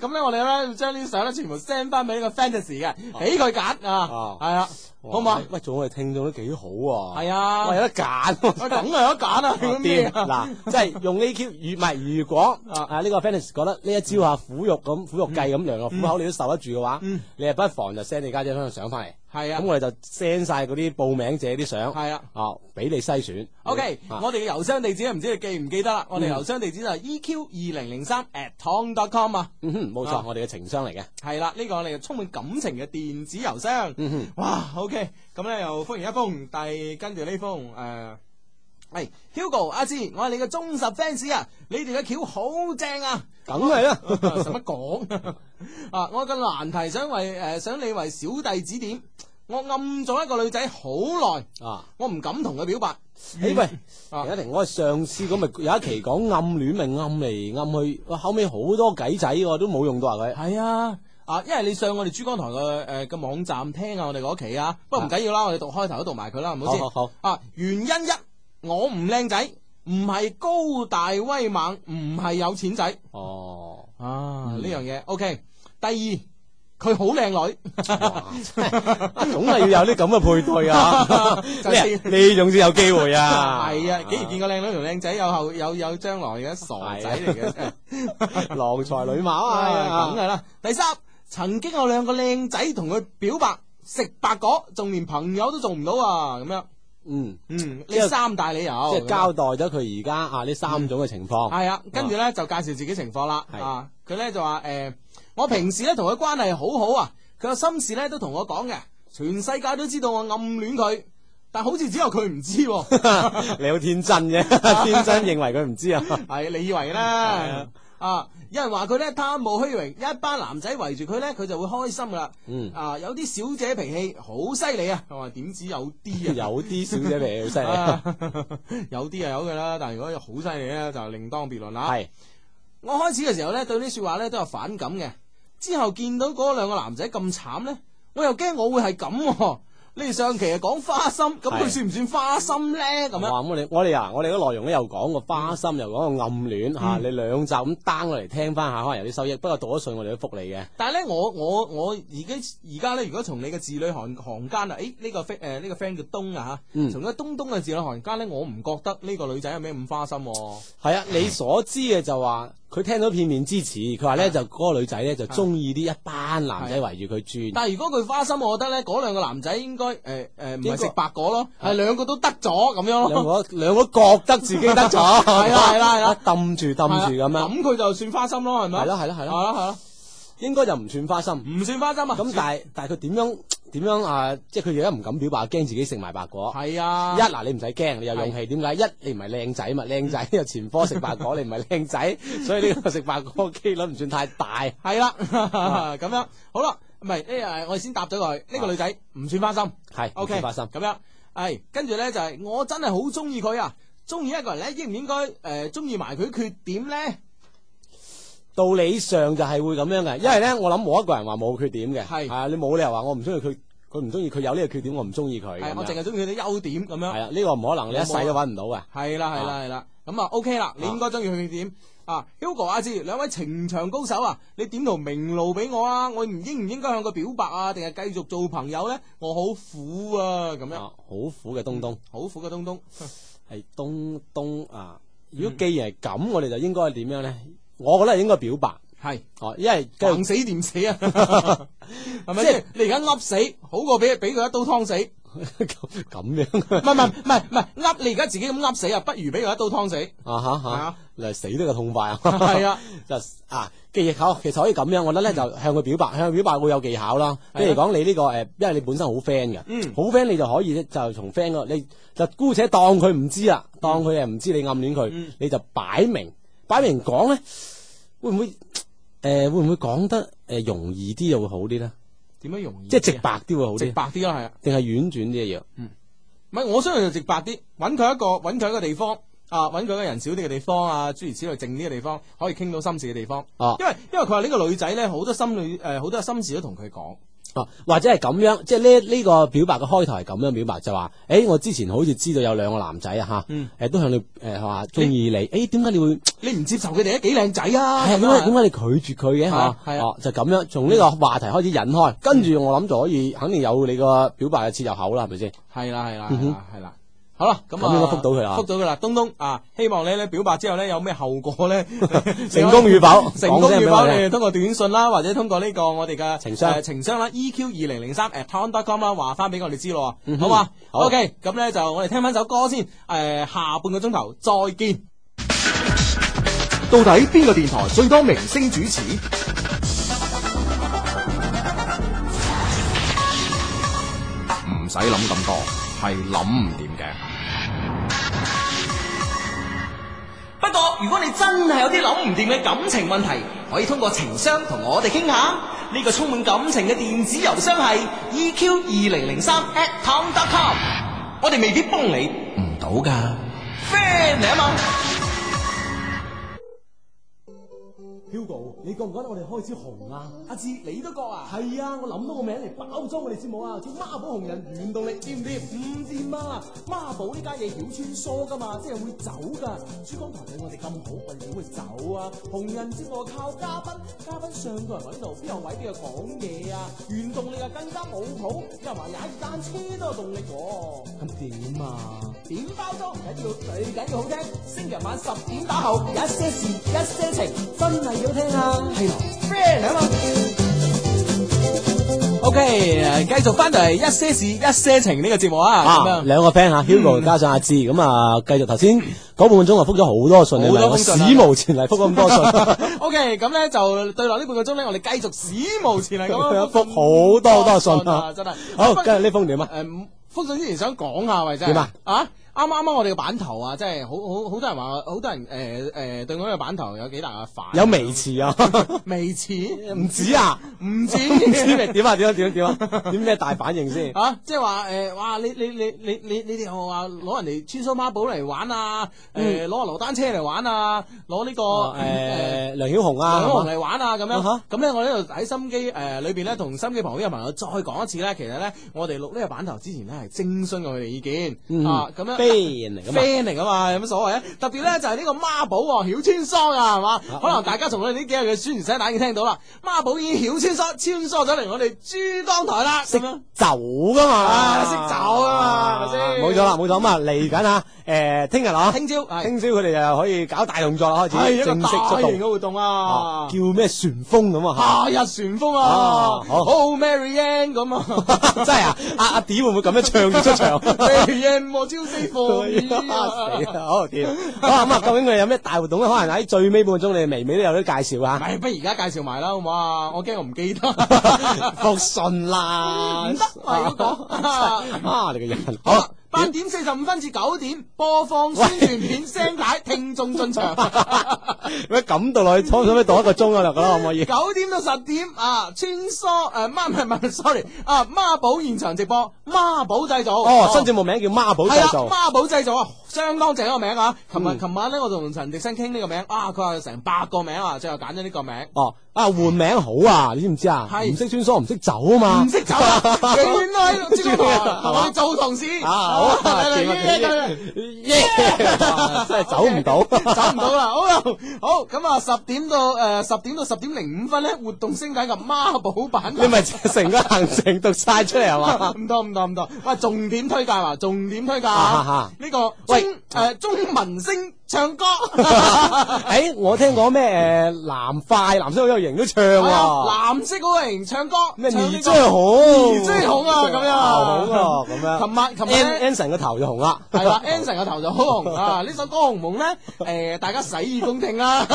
咁咧，我哋咧將啲相咧全部 send 翻俾呢個 fantasy 嘅，俾佢揀啊，係啊，好唔好？喂，做我哋聽眾都幾好啊！係啊，喂，有得揀，梗係有得揀啦，點啊？嗱，即係用 EQ 如，唔如果啊啊呢個 Fenix 覺得呢一招啊，苦肉咁苦肉計咁樣苦口你都受得住嘅話，你啊不妨就 send 你家姐張相翻嚟。係啊，咁我哋就 send 晒嗰啲報名者啲相，係啊，啊俾你篩選。OK，我哋嘅郵箱地址唔知你記唔記得啦？我哋郵箱地址就 EQ 二零零三 at tom.com 啊。冇錯，我哋嘅情商嚟嘅。係啦，呢個我哋嘅充滿感情嘅電子郵箱。哇，OK，咁咧又歡迎一封，但係跟住呢封誒。喂 Hugo 阿芝，hey, Hugo, zi, 我係你嘅忠實 fans 啊！你哋嘅橋好正啊！梗係啊！使乜講啊？我個難題想為誒想你為小弟指點。我暗咗一個女仔好耐啊，我唔敢同佢表白。誒、欸嗯、喂，有、啊、一停我係上司，咁咪有一期講暗戀咪暗嚟暗去，我後尾好多鬼仔我都冇用到啊佢。係啊，啊，因為你上我哋珠江台嘅誒個網站聽下、啊、我哋嗰期啊，不過唔緊要啦，是我哋讀開頭都讀埋佢啦，唔好先？好，好，好啊。原因一。我唔靚仔，唔係高大威猛，唔係有錢仔。哦，啊，呢樣嘢 OK。第二，佢好靚女，哇 總係要有啲咁嘅配對啊。 你 你總有機會啊。係 啊，幾時見過靚女同靚仔有後有有將來嘅傻仔嚟嘅，郎、哎、呀 才女貌啊，梗係啦。第三，曾經有兩個靚仔同佢表白，食白果，仲連朋友都做唔到啊，咁樣。嗯嗯，呢三大理由，即係交代咗佢而家啊呢三種嘅情況。係啊，跟住咧就介紹自己情況啦。是啊，佢咧就話誒、呃，我平時咧同佢關係好好啊，佢有心事咧都同我講嘅，全世界都知道我暗戀佢，但好似只有佢唔知、啊。 你好天真嘅， 天真認為佢唔知啊？係 你以為啦。嗯啊！有人話佢咧貪慕虛榮，一班男仔圍住佢咧，佢就會開心噶啦。嗯啊啊，啊，有啲小姐脾氣好犀利啊，我話點止有啲啊，有啲小姐脾氣好犀利，有啲係有嘅啦，但係如果好犀利咧，就另當別論啦。係是我開始嘅時候咧，對啲說話咧都有反感嘅，之後見到嗰兩個男仔咁慘咧，我又驚我會係咁、啊。你哋上期啊講花心，咁佢算唔算花心咧？咁樣哇！咁我哋我哋啊，我哋嘅內容咧又講個花心，嗯、又講個暗戀嚇、啊，你兩集咁 down 過嚟聽翻下，可能有啲收益。不過讀咗信我哋都復你嘅。但係咧，我我我而家而家咧，如果從你嘅字裡行行間、哎這個呃這個、啊，誒呢個 friend 呢個 friend 叫東啊嚇，從呢東東嘅字裡行間咧，我唔覺得呢個女仔有咩咁花心、啊。係啊，你所知嘅就話。嗯佢聽到片面之詞，佢話咧就嗰、那個女仔咧就中意啲一班男仔圍住佢轉。但係如果佢花心，我覺得咧嗰兩個男仔應該誒誒唔係食白果咯，係、嗯、兩個都得咗咁樣咯。兩個兩個覺得自己得咗，係啦係啦，冚住冚住咁樣。咁佢就算花心咯，係咪？係啦係啦係啦。 應該就唔算花心，唔算花心啊！咁但係但係佢點樣點樣啊？即係佢而家唔敢表白，驚自己食埋白果。係啊！一嗱，你唔使驚，你有勇氣。點解？一你唔係靚仔嘛？靚仔又前科食白果，你唔係靚仔，所以呢個食白果嘅機率唔算太大。係啦，咁樣好啦，唔係呢？我哋先答咗佢。呢個女仔唔算花心，係 OK，花心。咁樣係跟住咧就係我真係好中意佢啊！中意一個人咧，應唔應該誒中意埋佢缺點咧？道理上就係會咁樣嘅，因為咧，我諗冇一個人話冇缺點嘅，係是啊，你冇理由話我唔中意佢，佢唔中意佢有呢個缺點，我唔中意佢。是樣我淨係中意佢啲優點咁樣。係啊，呢個唔可能，你一世都揾唔到嘅。係啦、嗯，係、嗯、啦，係、嗯、啦，咁啊、嗯、，OK 啦，啊、你應該中意佢點啊？Hugo 阿志，兩位情場高手啊，你點同明路俾我啊？我唔應唔應該向佢表白啊？定係繼續做朋友咧？我好苦啊！咁樣好、啊、苦嘅東東，好、嗯、苦嘅東東係東東啊，、嗯、啊！如果既然係咁，我哋就應該係點樣咧？我覺得應該表白，係哦，因為戇死掂死啊，係咪先？你而家笠死好過俾俾佢一刀劏死，咁樣？唔係唔係唔係唔係笠，你而家自己咁笠死啊，不如俾佢一刀劏死啊吓吓，死得個痛快啊！係啊，就啊技巧，其實可以咁樣，我覺得咧就向佢表白，向佢表白會有技巧啦。譬如講你呢個誒，因為你本身好 friend 嘅，嗯，好 friend 你就可以咧，就從 friend 咯，你就姑且當佢唔知啦，當佢係唔知你暗戀佢，你就擺明。擺明講咧，會唔會誒、呃、會唔會講得誒容易啲又會好啲咧？點樣容易？即係直白啲會好啲，直白啲咯，係啊，定係婉轉啲嘅嘢？嗯，唔係我相信就直白啲，揾佢一個揾佢一個地方啊，揾佢一個人少啲嘅地方啊，諸如此類靜啲嘅地方，可以傾到心事嘅地方。哦，因為因為佢話呢個女仔咧，好多心裏誒好多心事都同佢講。哦，或者係咁樣，即係呢呢個表白嘅開頭係咁樣表白，就話，誒，我之前好似知道有兩個男仔啊吓，誒，都向你，誒，話中意你，誒，點解你會，你唔接受佢哋啊？幾靚仔啊？係點解點解你拒絕佢嘅？吓，係啊，就咁樣，從呢個話題開始引開，跟住我諗就可以，肯定有你個表白嘅切入口啦，係咪先？係啦，係啦，係啦。好啦，咁、嗯、啊，應該覆到佢啦，覆到佢啦，東東啊，希望你咧表白之後咧有咩後果咧， 成功與否，成功與否，誒，通過短信啦，或者通過呢個我哋嘅情商，誒、呃，情商啦，EQ 二零零三，at tom.com 啦，話翻俾我哋知咯，好嘛？OK 咁咧就我哋聽翻首歌先，誒、呃，下半個鐘頭再見。到底邊個電台最多明星主持？唔使諗咁多。係諗唔掂嘅。不，不過如果你真係有啲諗唔掂嘅感情問題，可以通過情商同我哋傾下。呢、這個充滿感情嘅電子郵箱係 e q 二零零三 at t o m dot com。我哋未必幫你唔到噶。 Hugo，你覺唔覺得我哋開始紅啦、啊？阿志、啊，你都覺啊？係啊，我諗到個名嚟包裝我哋節目啊，叫孖寶紅人原動力，掂唔掂？唔掂、嗯、啊！孖寶呢家嘢曉穿梭噶嘛，即係會走噶。珠江台對我哋咁好，我哋點會走啊？紅人節目靠嘉賓，嘉賓上到嚟我呢度，邊有位俾佢講嘢啊？原動力啊，更加冇譜，又話踩單車都有動力喎。咁點啊？點包裝唔緊要，最緊要好聽。星期晚十點打後，一些事，一些情，真係。真好聽啊，係 friend 啊嘛，OK 繼續翻到嚟一些事一些情呢個節目，uh, 啊，咁樣兩個 friend 吓，uh,Hugo，嗯，加上阿志，咁啊，uh, 繼續頭先嗰半個鐘我覆咗好多信嚟喎，史無前例覆咁多信，OK，咁咧就對落呢半個鐘咧，我哋繼續史無前例咁樣覆好多好多信啊，真係，好，跟住，嗯，呢封點啊？誒、呃，覆信之前想講下，為真點啊？啊！啱啱啱，我哋個版頭啊，即係好好好多人話，好多人誒誒對我呢個版頭有幾大嘅反，有微詞啊？微詞？唔止啊，唔止。唔止咩？點啊？點啊？點啊？點咩大反應先？啊，即係話誒，哇！你你你你你你哋話攞人哋穿梭孖寶嚟玩啊，誒，攞個流單車嚟玩啊，攞呢個誒梁曉紅啊，梁紅嚟玩啊，咁樣。咁咧，我呢度喺心機誒裏邊咧，同心機旁邊嘅朋友再講一次咧，其實咧，我哋錄呢個版頭之前咧，係徵詢過佢哋意見啊，咁樣。fan 嚟噶嘛嚟有乜所謂啊？特別咧就係呢個孖寶啊，曉春桑啊，係嘛？可能大家從我哋呢幾日嘅宣傳單已經聽到啦。孖寶與曉春桑，春桑走嚟我哋珠江台啦。識走噶嘛？識走噶嘛？係咪先？冇咗啦，冇咗。咁啊！嚟緊啊！誒，聽日啊，聽朝，聽朝佢哋就可以搞大動作啦，開始正式出動嘅活動啊！叫咩旋風咁啊？夏日旋風啊！好 Mary Ann 咁啊！真係啊！阿阿 D 會唔會咁樣唱出場？Mary Ann 招四 Oh、 死啦！Oh, okay. 好掂，好咁啊！究竟佢哋有咩大活動咧？ 可能喺最尾半個鐘，你哋微微都有啲介紹啊！係不，不如而家介紹埋啦，好唔好啊？我驚我唔記得。複 信 啦！ 嗯、 啊，那個、 媽你個人好。八點四十五分至九點播放宣傳片聲帶聽眾進場。喂，咁到落去，我使唔使度一個鐘啊？你覺得可唔可以？九點到十點啊，穿梭，誒，唔係唔係，sorry，啊孖寶現場直播，孖寶製造。哦，新節目名叫孖寶製造。係啦，孖寶製造，相當正一個名啊！琴日琴晚咧，我同陳迪生傾呢個名，啊，佢話成百個名啊，最後揀咗呢個名。哦，啊換名好啊，你知唔知啊？係唔識穿梭唔識走啊嘛？唔識走，永遠都喺度我哋做同事。好真係走唔到，走唔到啦。好啦，好咁啊，十點到誒，十點到十點零五分咧，活動升緊個孖寶版。你咪成個行程讀晒出嚟係嘛？唔多唔多唔多，喂，重點推介啊，重點推介啊，呢個中誒中文星。唱歌，誒，我聽講咩？誒，藍塊藍色好有型都唱喎，藍色嗰個型唱歌，咩？魚嘴孔，魚嘴孔啊，咁樣，好啊！咁樣。琴晚，琴晚 Anson 個頭就紅啦，係啦，Anson 個頭就好紅啊。呢首歌《紅夢》咧，誒，大家洗耳恭聽啦。不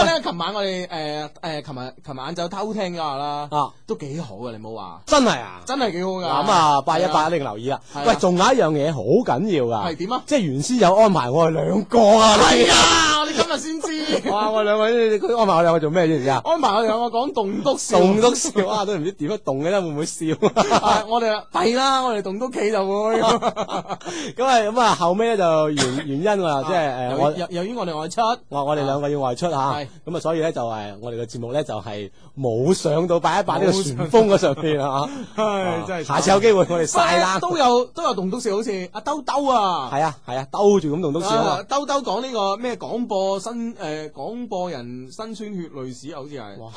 過，琴晚我哋，誒，誒，琴日，琴晚就偷聽下啦，啊，都幾好噶，你冇話，真係啊，真係幾好噶。咁啊，拜一拜，一定留意啦。喂，仲有一樣嘢好緊要噶，係點啊？即係原先有安排我哋兩個。係啊！我哋今日先知哇！我兩位安排我兩位做咩先？而家安排我哋兩位講棟篤笑，棟篤笑啊，都唔知點樣棟嘅咧，會唔會笑？我哋弊啦！我哋棟篤企就會咁啊！咁啊後尾咧就原，原因啦，即係誒由由於我哋外出，我我哋兩位要外出吓，咁啊所以咧就誒我哋嘅節目咧就係冇上到擺一擺呢個旋風嘅上邊啊！唉，真係下次有機會我哋晒啦，都有都有棟篤笑，好似阿兜兜啊，係啊係啊，兜住咁棟篤笑啊，兜兜。都講呢個咩？廣播新誒，呃，廣播人辛酸血淚史啊，好似係哇，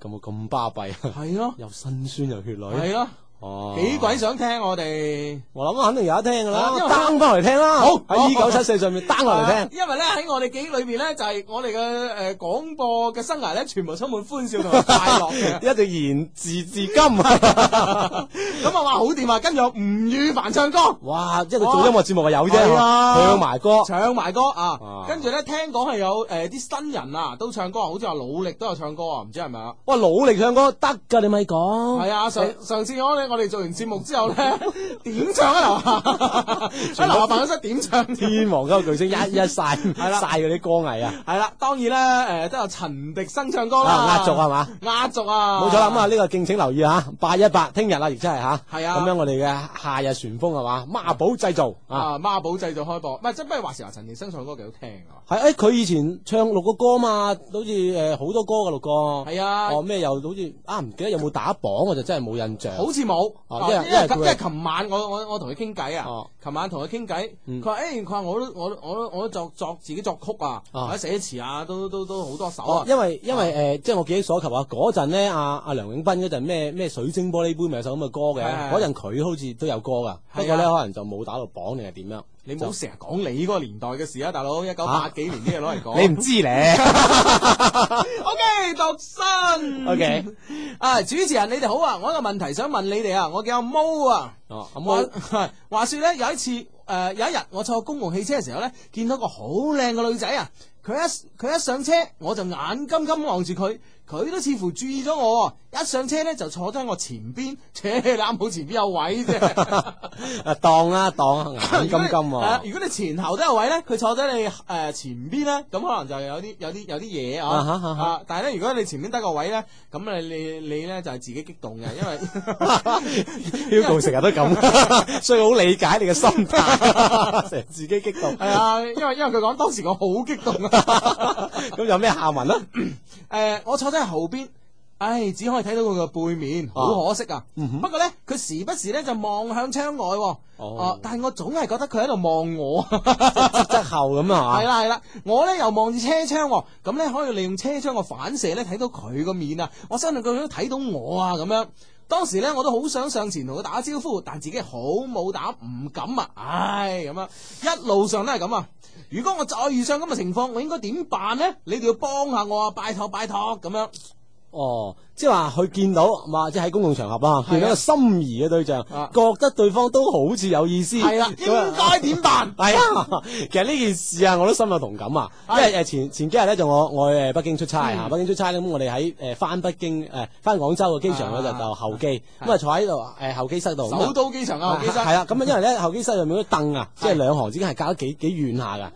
咁啊咁巴閉，係咯，又辛酸又血淚，係咯、啊。哦，幾鬼想聽我哋？我諗肯定有得聽噶啦 down 翻嚟聽啦。好喺一九七四上面 down 嚟聽。因為咧喺我哋記憶裏面咧，就係我哋嘅誒廣播嘅生涯咧，全部充滿歡笑同快樂嘅，一直延至至今。咁啊話好掂啊，跟住吳宇凡唱歌。哇，即係佢做音樂節目啊，有啫，唱埋歌，唱埋歌啊。跟住咧，聽講係有誒啲新人啊，都唱歌，好似話努力都有唱歌啊，唔知係咪啊？哇，努力唱歌得噶，你咪講。係啊，上上次我哋。我哋做完節目之後咧，點唱啊？劉華，喺劉華辦公室點唱、啊？天王嗰個巨星一一晒晒嗰啲歌藝啊！係啦， 當然啦，誒、呃，都有陳迪生唱歌啦。壓軸係嘛？壓軸啊！冇、啊、錯啦，咁啊呢個敬請留意吓，八一八聽日啦，亦即係吓。係啊，咁、啊啊啊、樣我哋嘅夏日旋風係嘛？孖寶製造啊！孖寶、啊、製造開播，唔係即係，不如話時話陳迪生唱歌幾好聽啊！誒，佢以前唱六個歌嘛，好似誒好多歌噶，六個。係啊，哦咩又好似啊，唔記得有冇打榜我就真係冇印象。好似冇，因為因為即係琴晚我我我同佢傾偈啊，琴晚同佢傾偈，佢話誒佢話我都我我我都作作自己作曲啊，或者寫詞啊，都都都好多首啊。因為因為誒，即係我記憶所及啊，嗰陣咧阿阿梁永斌嗰陣咩咩水晶玻璃杯咪有首咁嘅歌嘅，嗰陣佢好似都有歌噶，不過咧可能就冇打到榜定係點樣。你唔好成日講你嗰個年代嘅事啊，大佬一九八幾年啲嘢攞嚟講，啊、 你唔知咧。O K，獨生。O Okay . K，啊主持人你哋好啊，我有個問題想問你哋啊，我叫阿毛啊。哦，阿毛、啊，話說咧有一次誒、呃，有一日我坐公共汽車嘅時候咧，見到個好靚嘅女仔啊，佢一佢一上車我就眼金金望住佢。佢都似乎注意咗我、哦，一上車咧就坐咗喺我前邊，邊，你啱好前邊有位啫。啊，當啦，當，眼金金啊, 啊。如果你前後都有位咧，佢坐咗你誒、呃、前邊咧，咁可能就有啲有啲有啲嘢啊。但係咧，如果你前面得個位咧，咁你你你咧就係、是、自己激動嘅，因為 Ugo 成日都咁，所以好理解你嘅心態，成日自己激動，係啊，因為因為佢講當時我好激動啊。咁 有咩下文啊，誒、 呃、我坐低。後邊，唉、哎，只可以睇到佢個背面，好可惜啊。啊嗯、不過呢，佢時不時呢就望向窗外、啊，哦，啊、但係我總係覺得佢喺度望我，側側 後咁啊。係啦係啦，我呢又望住車窗、啊，咁呢，可以利用車窗個反射呢睇到佢個面啊。我相信佢都睇到我啊，咁樣。當時呢我都好想上前同佢打招呼，但自己好冇膽，唔敢啊。唉、哎，咁樣，一路上都係咁啊。如果我再遇上咁嘅情況，我應該點辦呢？你哋要幫下我啊！拜託拜託，咁樣哦。即係話佢見到，哇！即係喺公共場合啊，見到個心儀嘅對象，覺得對方都好似有意思，係啦，應該點辦？係啊，其實呢件事啊，我都心有同感啊。因為前前幾日呢，就我我誒北京出差北京出差咧，咁我哋喺誒翻北京誒翻廣州嘅機場嗰日就候機，咁啊坐喺度誒候機室度，冇到機場啊，候機室係啦。咁啊，因為咧候機室入面嗰啲凳啊，即係兩行之間係隔得幾幾遠下噶，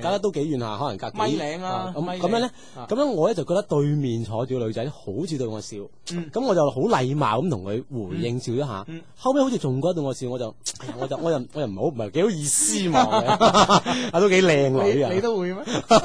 隔得都幾遠下，可能隔米零啦，咁樣呢，咁樣我咧就覺得對面坐住女仔好似對笑，咁我就好禮貌咁同佢回應笑一下，後尾好似仲覺得對我笑，我就，我就，我又，我又唔好，唔係幾好意思嘛，都幾靚女啊，你都會咩？梗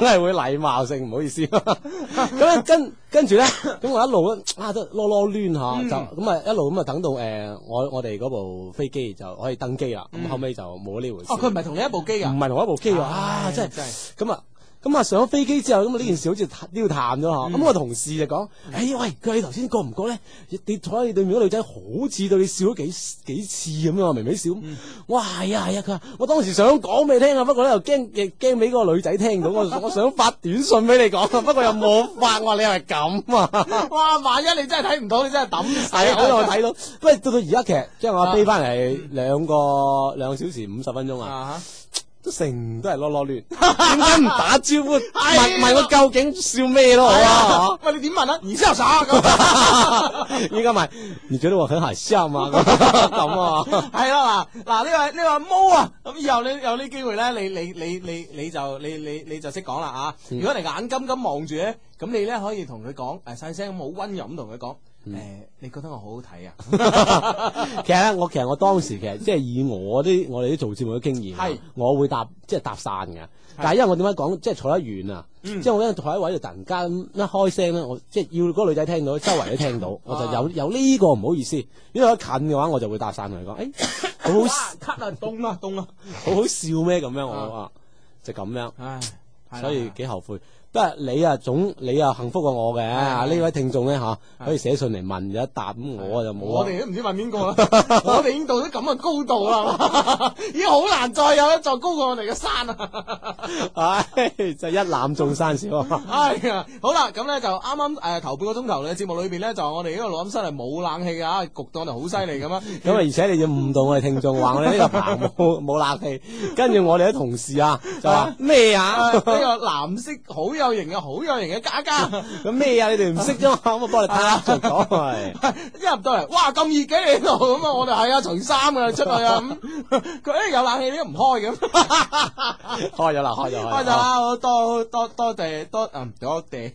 係會禮貌性唔好意思，咁跟跟住咧，咁我一路啊，都囉囉攣下就，咁啊一路咁啊等到誒，我我哋嗰部飛機就可以登機啦，咁後尾就冇呢回事。哦，佢唔係同你一部機噶？唔係同一部機啊，真係，真係，咁啊。咁啊，上咗飛機之後，咁啊呢件事好似都要談咗下。咁我同事就講：哎喂，佢頭先覺唔覺咧？跌坐喺你對面嗰女仔，好似對你笑咗幾幾次咁樣，微微笑。我話係啊係啊，佢話我當時想講俾你聽啊，不過咧又驚驚俾嗰個女仔聽到，我想發短信俾你講，不過又冇發。我話你係咁啊！哇，萬一你真係睇唔到，你真係揼死。好，所以我睇到。不過到到而家劇，即係我飛翻嚟兩個兩個小時五十分鐘啊。都成都係囉囉亂，點解唔打招呼？啊、問問我究竟笑咩咯？好啊，喂你點問啊？然之後傻，依家咪你覺得我很好笑嘛，咁 啊，係啦嗱嗱呢位呢位阿毛啊，咁以後你有機呢機會咧，你你你你你就你你你就識講啦啊！如果你眼金金望住咧，咁你咧可以同佢講，誒細聲咁好温柔咁同佢講。誒，你覺得我好好睇啊？其實咧，我其實我當時其實即係以我啲我哋啲做節目嘅經驗、啊，係我會搭即係、就是、搭訕嘅。但係因為我點解講，即、就、係、是、坐得遠啊，即係、嗯、我咧坐喺位度，突然間一開聲咧，我即係、就是、要嗰個女仔聽到，周圍都聽到，啊、我就有有呢個唔好意思。因為近嘅話，我就會搭訕佢，講誒，欸、好好 cut 啊，凍啊，凍啊，好好笑咩咁樣我啊，就咁樣，唉所以幾後悔。都係你啊，總你啊幸福過我嘅。呢位聽眾咧吓可以寫信嚟問一答，咁我就冇。我哋都唔知問邊個啊！我哋已經到咗咁嘅高度啦，已經好難再有一座高過我哋嘅山啦。唉，就一覽眾山小。啊，好啦，咁咧就啱啱誒，頭半個鐘頭嘅節目裏邊咧，就我哋呢個錄音室係冇冷氣嘅啊，焗到我哋好犀利咁啊。咁啊，而且你要誤導我哋聽眾話我哋呢個棚冇冇冷氣，跟住我哋啲同事啊就話咩啊，呢個藍色好有。有型嘅好有型嘅嘉嘉，咁咩啊？你哋唔識啫嘛，咁我幫你睇啦。一入到嚟，哇咁熱嘅呢度，咁啊我哋係啊，除衫嘅出去啊，佢誒有冷氣你都唔開咁，開咗啦，開咗開咗啦，多多多謝多啊多謝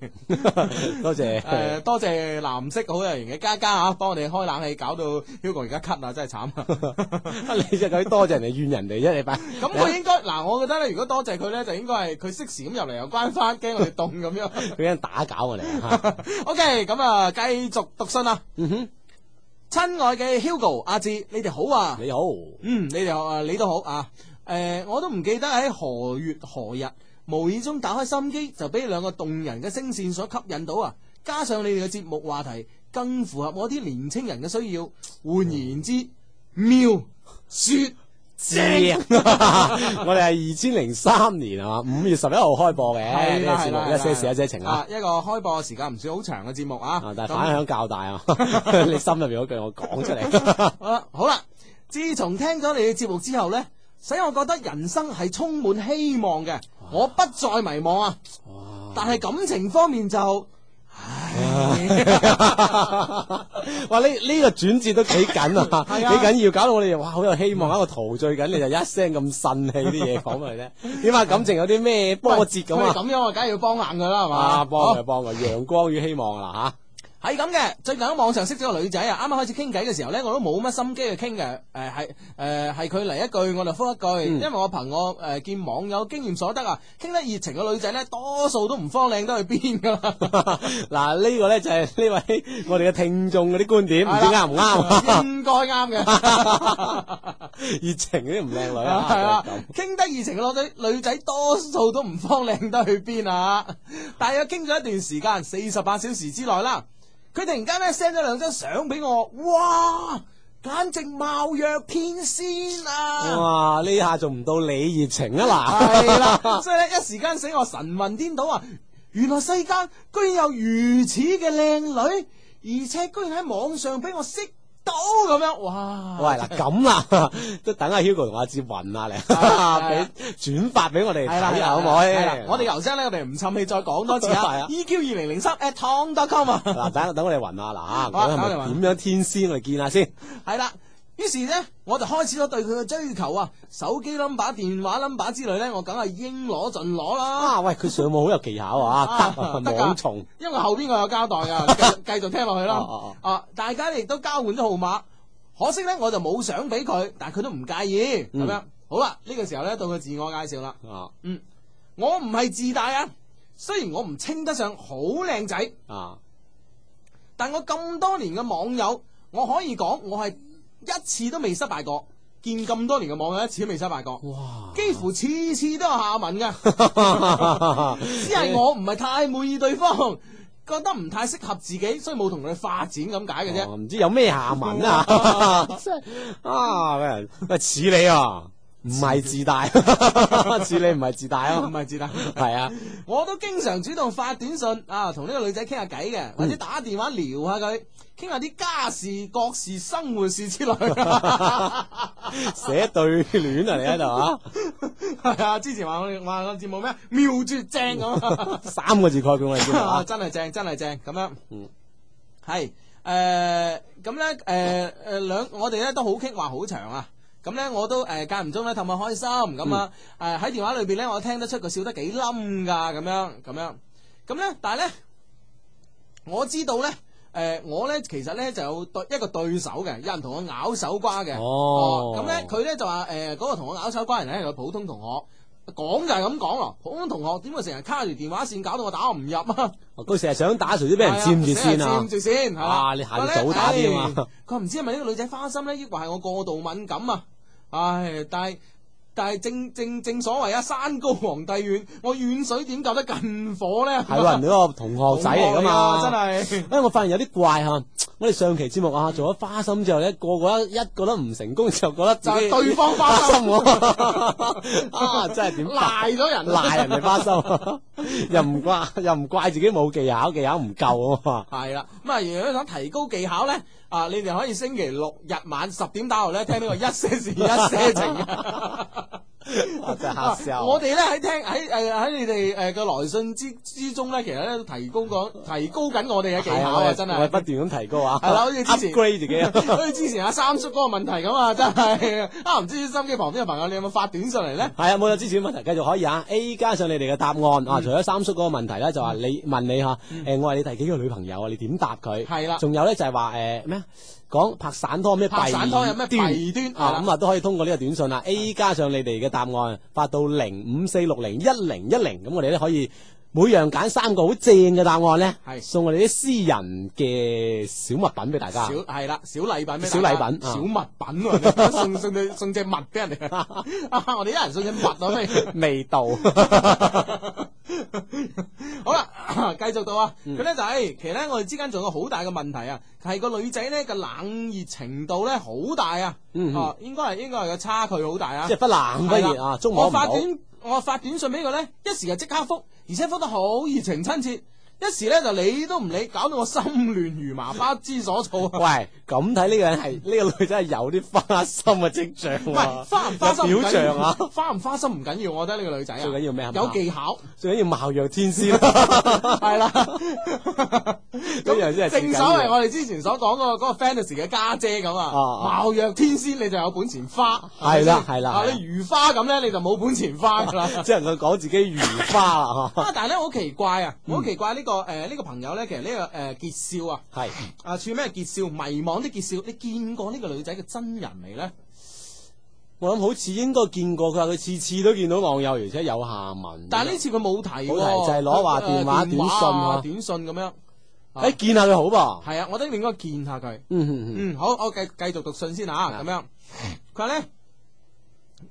多謝，誒多謝藍色好有型嘅嘉嘉啊，幫我哋開冷氣，搞到 Hugo 而家咳啊，真係慘啊！你一鬼多謝人哋怨人哋啫，你把咁佢應該嗱，我覺得咧，如果多謝佢咧，就應該係佢適時咁入嚟又關翻機。 我哋凍咁樣俾人打攪我哋。OK，咁啊，繼續讀信啊。嗯哼、mm，親、hmm. 愛嘅 Hugo 阿志，你哋好啊？你好。嗯，你哋好啊？你都好啊？誒、呃，我都唔記得喺何月何日，無意中打開心機，就俾兩個動人嘅聲線所吸引到啊！加上你哋嘅節目話題，更符合我啲年青人嘅需要。換言之，妙絕！正 我哋係二千零三年啊嘛，五月十一號開播嘅呢個節目，一些事，一些情啊，一個開播嘅時間唔算好長嘅節目啊，啊，但係反響較大啊，那 你心入邊嗰句我講出嚟， 好啦，好啦，自從聽咗你嘅節目之後咧，使我覺得人生係充滿希望嘅，我不再迷茫啊，哇但係感情方面就。 哇！呢呢、這個轉折都幾緊 啊，幾緊要，搞到我哋又哇好有希望，一個、啊啊、陶醉緊，你就一聲咁呻氣啲嘢講出嚟咧，點啊感情有啲咩波折咁啊？咁樣我梗係要幫眼佢啦，係嘛？啊，幫就幫啊，陽光與希望啦吓。係咁嘅。最近喺網上識咗個女仔啊，啱啱開始傾偈嘅時候咧，我都冇乜心機去傾嘅。誒、呃，係誒係佢嚟一句，我就敷一句，嗯、因為我憑我誒、呃、見網友經驗所得啊，傾得熱情嘅女仔咧，多數都唔方靚得去邊噶啦。嗱， 這個、呢個咧就係、是、呢位我哋嘅聽眾嗰啲觀點，唔 的知啱唔啱？ 應該啱嘅。熱 情嗰啲唔靚女啊，係啦， 傾得熱情嘅女女女仔，多數都唔方靚得去邊啊。 大約傾咗一段時間，四十八小時之內啦。佢突然間咧 send 咗兩張相俾我，哇！簡直貌若天仙啊！哇！呢下仲唔到你熱情啊嗱，係啦所以咧一時間使我神魂顛倒啊！原來世間居然有如此嘅靚女，而且居然喺網上俾我識。都咁樣，哇！喂，嗱咁啦，都等阿 Hugo 同阿志雲啊嚟，俾轉發俾我哋睇下，好唔好？我哋頭先咧，我哋唔沉氣，再講多次啊！EQ 二零零三 at tom.com 啊，嗱，等等我哋雲啊，嗱啊，咁係咪點樣天仙我哋見下先？係啦。於是呢，我就開始咗對佢嘅追求啊！手機 number、電話 number 之類呢，我梗係應攞盡攞啦。啊，喂，佢上網好有技巧啊！ 啊，得噶重，因為後邊我有交代繼繼 啊，繼續聽落去啦。啊，啊，啊，大家亦都交換咗號碼，可惜呢，我就冇相俾佢，但係佢都唔介意。咁樣、嗯、好啦、啊，呢、這個時候呢，到佢自我介紹啦。啊，嗯，我唔係自大啊，雖然我唔稱得上好靚仔啊，但我咁多年嘅網友，我可以講我係。一次都未失敗過，見咁多年嘅網友一次都未失敗過，哇！幾乎次次都有下文㗎， 只係我唔係太滿意對方，覺得唔太適合自己，所以冇同佢發展咁解嘅啫。唔、啊、知有咩下文啊？哇 啊，俾人似你哦、啊，唔係自大，似 你唔係自大哦、啊，唔係自大，係 啊！ 我都經常主動發短信啊，同呢個女仔傾下偈嘅，或者打電話聊下佢。 傾下啲家事、國事、生活事之類，寫 對聯啊！你喺度啊？係 啊！之前話我哋話個節目咩？妙絕正咁， 三個字概括我哋啊！ 真係正，真係正咁樣。嗯，係誒，咁咧誒誒兩，我哋咧都好傾，話好長啊。咁咧，我都誒間唔中咧，氹、呃、下開心咁啊。誒喺、嗯啊呃、電話裏邊咧，我聽得出佢笑得幾冧噶，咁樣咁樣。咁咧，但係咧，我知道咧。誒、呃、我咧其實咧就有對一個對手嘅，有人同我咬手瓜嘅。哦，咁咧佢咧就話誒嗰個同我咬手瓜人咧係個普通同學，講就係咁講咯。普通同學點會成日卡住電話線，搞到我打唔入啊？佢成日想打隨啲俾人佔住先、啊。佔住先，係啦，你係早打啲啊嘛？佢唔、欸、知係咪呢個女仔花心咧，抑或係我過度敏感啊？唉、哎，但係。但係正正正所謂啊，山高皇帝遠，我遠水點救得近火咧？係的說啊，你嗰個同學仔嚟噶嘛？真係，因為、哎、我發現有啲怪嚇、啊。我哋上期節目啊，做咗花心之後咧，個個一覺得唔成功，就覺得自己對方花心， 啊，啊真係點賴咗人了，賴人哋花心， 又唔怪，又唔怪自己冇技巧，技巧唔夠啊嘛。係啦，咁啊， 啊如果想提高技巧咧，啊，你哋可以星期六日晚十點打後咧，聽到一個一些事，一些情。 我哋咧喺聽喺誒喺你哋誒嘅來信之之中咧，其實咧提高個提高緊我哋嘅技巧啊！ 我真係，我不斷咁提高啊！係啦，好 似之前 upgrade 自己，好似 upgrade 之前阿三叔嗰個問題咁啊，真係啊，唔知心機旁邊嘅朋友，你有冇發短信嚟咧？係啊，冇有之前嘅問題，繼續可以啊。A 加上你哋嘅答案啊，除咗三叔嗰個問題咧，就話你問你吓誒、 欸，我係你第幾個女朋友啊？你點答佢？係啦的，仲有咧就係話誒咩啊？欸講拍散拖咩？拍散拖有咩弊端？啊，咁啊都可以通過呢個短信啦。A 加上你哋嘅答案發到零五四六零一零一零，咁我哋咧可以每樣揀三個好正嘅答案咧，係送我哋啲私人嘅小物品俾大家。小係啦，小禮品俾，小禮品、小物品，送送送隻物俾人哋。啊，我哋一人送隻物啊咩？味道。 好啦了，繼 續到啊，佢咧、嗯、就係、是，其實咧我哋之間仲有好大嘅問題啊，係、就是、個女仔咧嘅冷熱程度咧好大啊，哦、嗯哼啊，應該係應該係個差距好大啊，即係不冷不熱啊，的中文唔好我發短我發短信俾佢咧，一時就即刻覆，而且覆得好熱情親切。一時咧就理都唔理，搞到我心亂如麻花之、啊，不知所措。喂，咁睇呢個人係呢、呢個女仔係有啲花心嘅跡象。唔 花唔花心表象啊，花唔花心唔緊要，我覺得呢個女仔啊。最緊要咩有技巧，最緊要貌若天仙、啊。係 對啦，咁 那樣先係正。正所謂我哋之前所講嗰個嗰個 Famous 嘅家姐咁啊，貌若天仙，你就有本錢花。係啦係啦，你如花咁咧，你就冇本錢花噶啦，只能去講自己如花啊，但係咧好奇怪啊，好奇怪呢個。誒呢、呃，這個朋友咧，其實呢、這個誒杰少啊，係是啊，處咩杰少？迷惘的杰少，你見過呢個女仔嘅真人未咧？我諗好似應該見過佢話，佢次次都見到網友，而且有下文，但係呢次佢冇提，提，冇提就係攞話電話短、啊、信短信咁樣。誒、啊哎，見下佢好噃，係啊，我都應該見下佢。嗯嗯 嗯，好，我繼繼續讀信先吓、啊，咁樣佢話咧，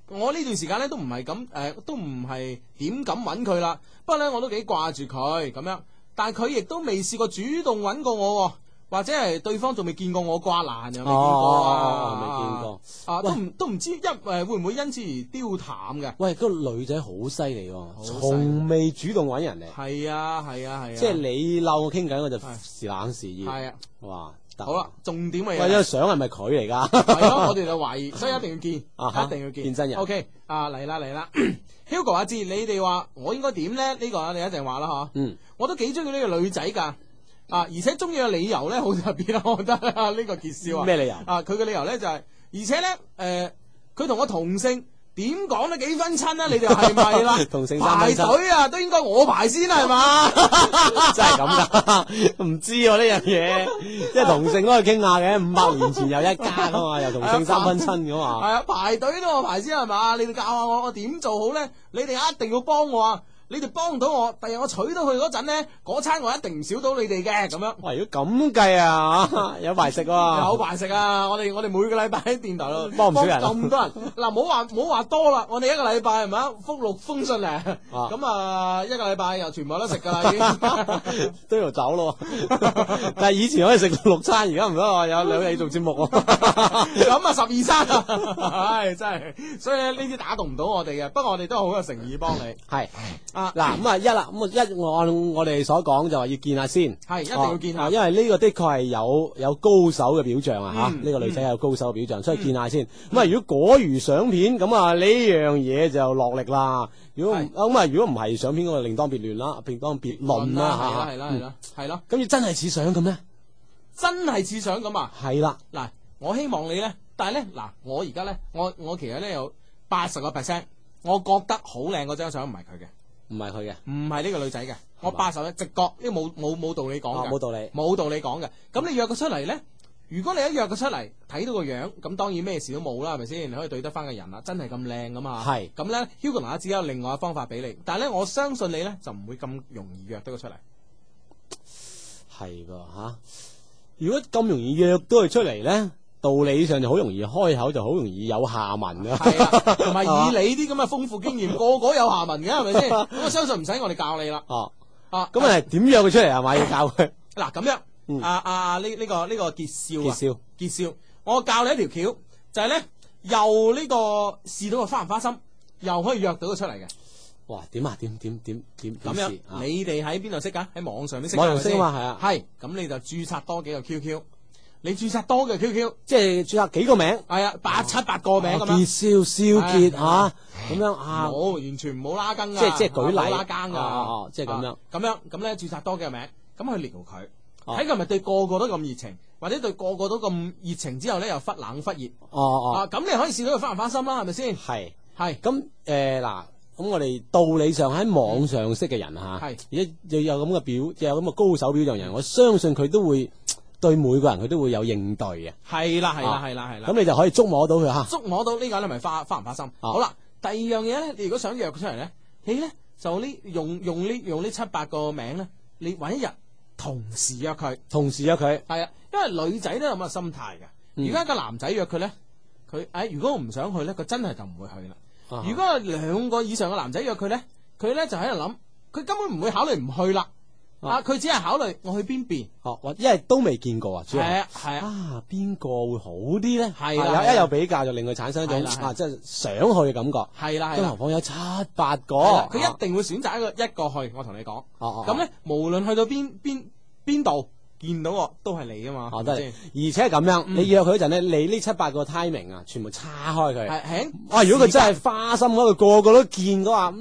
我呢段時間咧都唔係咁誒，都唔係點敢揾佢啦。不過咧，我都幾掛住佢咁樣。但係佢亦都未試過主動揾過我，或者係對方仲未見過我掛難啊？哦，未見過啊，都唔都唔知因誒會唔會因此而凋淡嘅？喂，嗰個女仔好犀利喎，從未主動揾人嚟。係啊，係啊，係啊。即係你嬲我傾偈，我就時冷時熱。係啊。哇！好啦，重點咪。嗰張相係咪佢嚟噶？係啊，我哋就懷疑，所以一定要見，一定要見真人。OK，啊嚟啦嚟啦。阿志，你哋話我應該點咧？呢個啊，你一定話啦嗬。嗯，我都幾中意呢個女仔噶，啊，而且中意嘅理由咧，好特別，我覺得呢個介紹啊。咩理由啊？佢嘅理由咧就係，而且咧，誒，佢同我同性。點講都幾分親啦、啊，你哋係咪啦？ 同性三分親，排隊啊都應該我排先係嘛？ 真係咁噶？唔 知啊呢樣嘢，即係 同性都可以傾下嘅。五百年前有一家噶嘛，又 同性三分親噶嘛。係啊，排隊都我排先係嘛？你哋教下我，我點做好咧？你哋一定要幫我啊！你哋幫唔到我，第日我娶到佢嗰陣咧，嗰餐我一定唔少到你哋嘅，咁樣。如果咁計啊，有排食喎、啊， 有排食啊！我哋我哋每個禮拜喺電台度，幫唔少人，咁多人嗱，唔好話唔好話多啦。我哋一個禮拜係咪啊？福祿豐順嚟，咁啊一個禮拜又全部都食噶啦，已經 都要走咯。但係以前可以食到六餐，而家唔得話有兩日要做節目，咁啊十二餐，啊。唉、啊 啊啊 哎，真係。所以呢啲打動唔到我哋嘅，不過我哋都好有誠意幫你，係。嗱咁啊，一啦咁啊，一我按我哋所講就話要見下先係，一定要見下，因為呢個的確係有有高手嘅表象啊。吓呢個女仔係有高手嘅表象，所以見下先咁啊。如果果如相片咁啊，呢樣嘢就落力啦。如果咁啊，如果唔係相片，我就另當別論啦，另當別論啦。吓係啦，係啦，係啦，係咯。咁要真係似相咁咧，真係似相咁啊？係啦。嗱，我希望你咧，但係咧嗱，我而家咧，我我其實咧有八十個 percent，我覺得好靚嗰張相唔係佢嘅。唔係佢嘅，唔係呢個女仔嘅，我八十，直覺呢冇冇冇道理講嘅，冇道理，冇道理講嘅。咁你約佢出嚟咧，如果你一約佢出嚟睇到個樣，咁當然咩事都冇啦，係咪先？你可以對得翻個人啊，真係咁靚噶嘛？係。咁咧，Hugo 麻麻只，有另外一方法俾你。但係咧，我相信你咧，就唔會咁容易約得佢出嚟。係噶吓，如果咁容易約到佢出嚟咧？道理上就好容易開口，就好容易有下文嘅。係啊，同埋以你啲咁嘅豐富經驗，個個有下文嘅，係咪先？咁啊，我相信唔使我哋教你啦。哦，啊，咁啊，點約佢出嚟啊？係咪要教佢。嗱，咁樣，阿阿呢呢個呢個介紹啊，介紹介紹，我教你一條橋，就係咧，又呢個試到佢花唔花心，又可以約到佢出嚟嘅。哇，點啊？點點點點點？咁樣，你哋喺邊度識噶？喺網上邊識。網上識嘛？係啊。係，咁你就註冊多幾個 QQ。你註冊多嘅 QQ，即係註冊幾個名？係啊，八七八個名咁樣。結少少結吓，咁樣啊？冇，完全唔好拉更噶。即係即係舉例拉更噶。哦哦，即係咁樣。咁樣咁咧註冊多嘅名，咁去撩佢，睇佢係咪對個個都咁熱情，或者對個個都咁熱情之後咧又忽冷忽熱。哦哦。啊，咁你可以試到佢翻唔翻心啦，係咪先？係係。咁誒嗱，咁我哋道理上喺網上識嘅人吓，係而且又有咁嘅表，又有咁嘅高手表象人，我相信佢都會。對每個人佢都會有應對嘅。係啦係啦係啦係啦，咁你就可以捉摸到佢吓。捉摸到呢個你咪花花唔花心？啊，好啦，第二樣嘢咧你如果想約佢出嚟咧你咧就呢用用呢用呢七八個名咧，你揾一日同時約佢，同時約佢，係啊，因為女仔都有咁嘅心態嘅。嗯，如果一個男仔約佢咧，佢誒如果我唔想去咧，佢真係就唔會去啦。啊，如果兩個以上嘅男仔約佢咧，佢咧就喺度諗，佢根本唔會考慮唔去啦。啊！佢只係考慮我去邊邊，哦，因為都未見過啊，係啊係啊，啊邊個會好啲咧？係啦，一有比較就令佢產生一種啊，即係想去嘅感覺。係啦，鐘樓坊有七八個，佢一定會選擇一個一個去。我同你講，咁咧，無論去到邊邊邊度見到我，都係你啊嘛。哦，都係，而且係咁樣，你約佢嗰陣咧，你呢七八個 timing 啊，全部叉開佢。係，吓，如果佢真係花心嗰度，個個都見嘅話。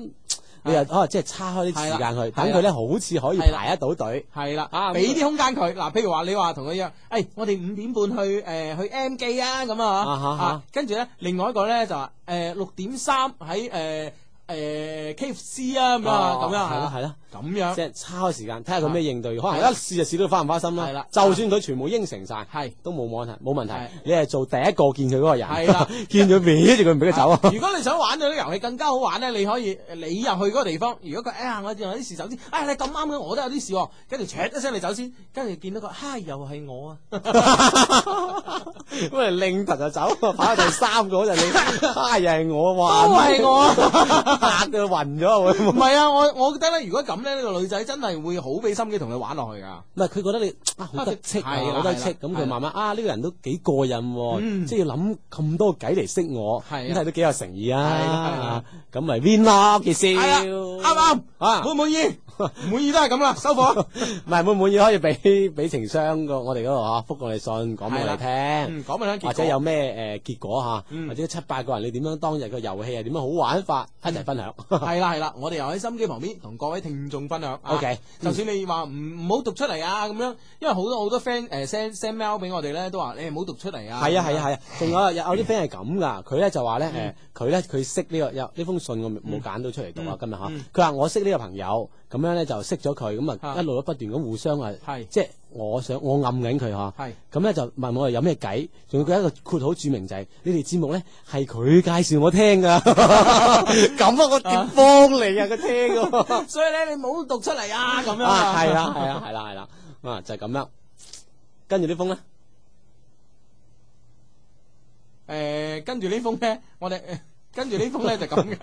你又可能即係差開啲時間去，的等佢咧的好似可以排得到隊。係啦的，俾啲、啊、空間佢。嗱，譬如話你話同佢約，誒、哎，我哋五點半去誒、呃、去 M 記啊咁啊，吓、啊啊哈啊，跟住咧另外一個咧就話誒六點三喺誒。呃誒，KFC 啊，咁樣，咁樣係咯，係咯，咁樣，即係差開時間，睇下佢咩應對，可能一試就試到花唔花心啦。係啦，就算佢全部應承晒，係都冇問題，冇問題。你係做第一個見佢嗰個人，係啦，見咗面跟住佢唔俾佢走啊。如果你想玩到啲遊戲更加好玩咧，你可以你入去嗰個地方，如果佢哎呀，我有啲事走先，哎，你咁啱嘅，我都有啲事，跟住扯一聲你走先，跟住見到佢，嗨，又係我啊，咁你擰頭就走，跑到第三個就你，嗨，又係我，哇，都係我。嚇佢暈咗，唔係啊！我我覺得咧，如果咁咧，呢個女仔真係會好俾心機同你玩落去噶，唔係佢覺得你啊好得戚，係好得戚咁，佢慢慢啊，呢個人都幾過癮喎，即係要諗咁多偈嚟識我，咁睇都幾有誠意啊。咁咪 win 咯件事，啱唔啱啊？滿唔滿意？唔滿意都係咁啦，收貨。唔係，滿唔滿意可以俾俾情商個我哋嗰度吓，復過嚟信講俾我哋聽，或者有咩誒結果吓，或者七八個人你點樣當日個遊戲係點樣好玩法，一齊分享。係啦係啦，我哋又喺心機旁邊同各位聽眾分享。O K，就算你話唔唔好讀出嚟啊，咁樣，因為好多好多 friend 誒 send send mail 俾我哋咧，都話你唔好讀出嚟啊。係啊係啊係啊，仲有有啲 friend 係咁噶，佢咧就話咧誒，佢咧佢識呢個有呢封信，我冇揀到出嚟讀啊今日吓。佢話我識呢個朋友。咁樣咧，就識咗佢，咁啊一路都不斷咁互相啊，即係我想我暗緊佢吓，咁咧，就問我有咩計，仲要佢一個括號注明就係呢條節目咧係佢介紹我聽噶，咁我點幫你啊佢聽，所以咧你冇讀出嚟啊咁樣啊，係啊係啊係啦係啦，啊就係咁樣，跟住呢封咧，誒跟住呢封咧，我哋跟住呢封咧就咁嘅。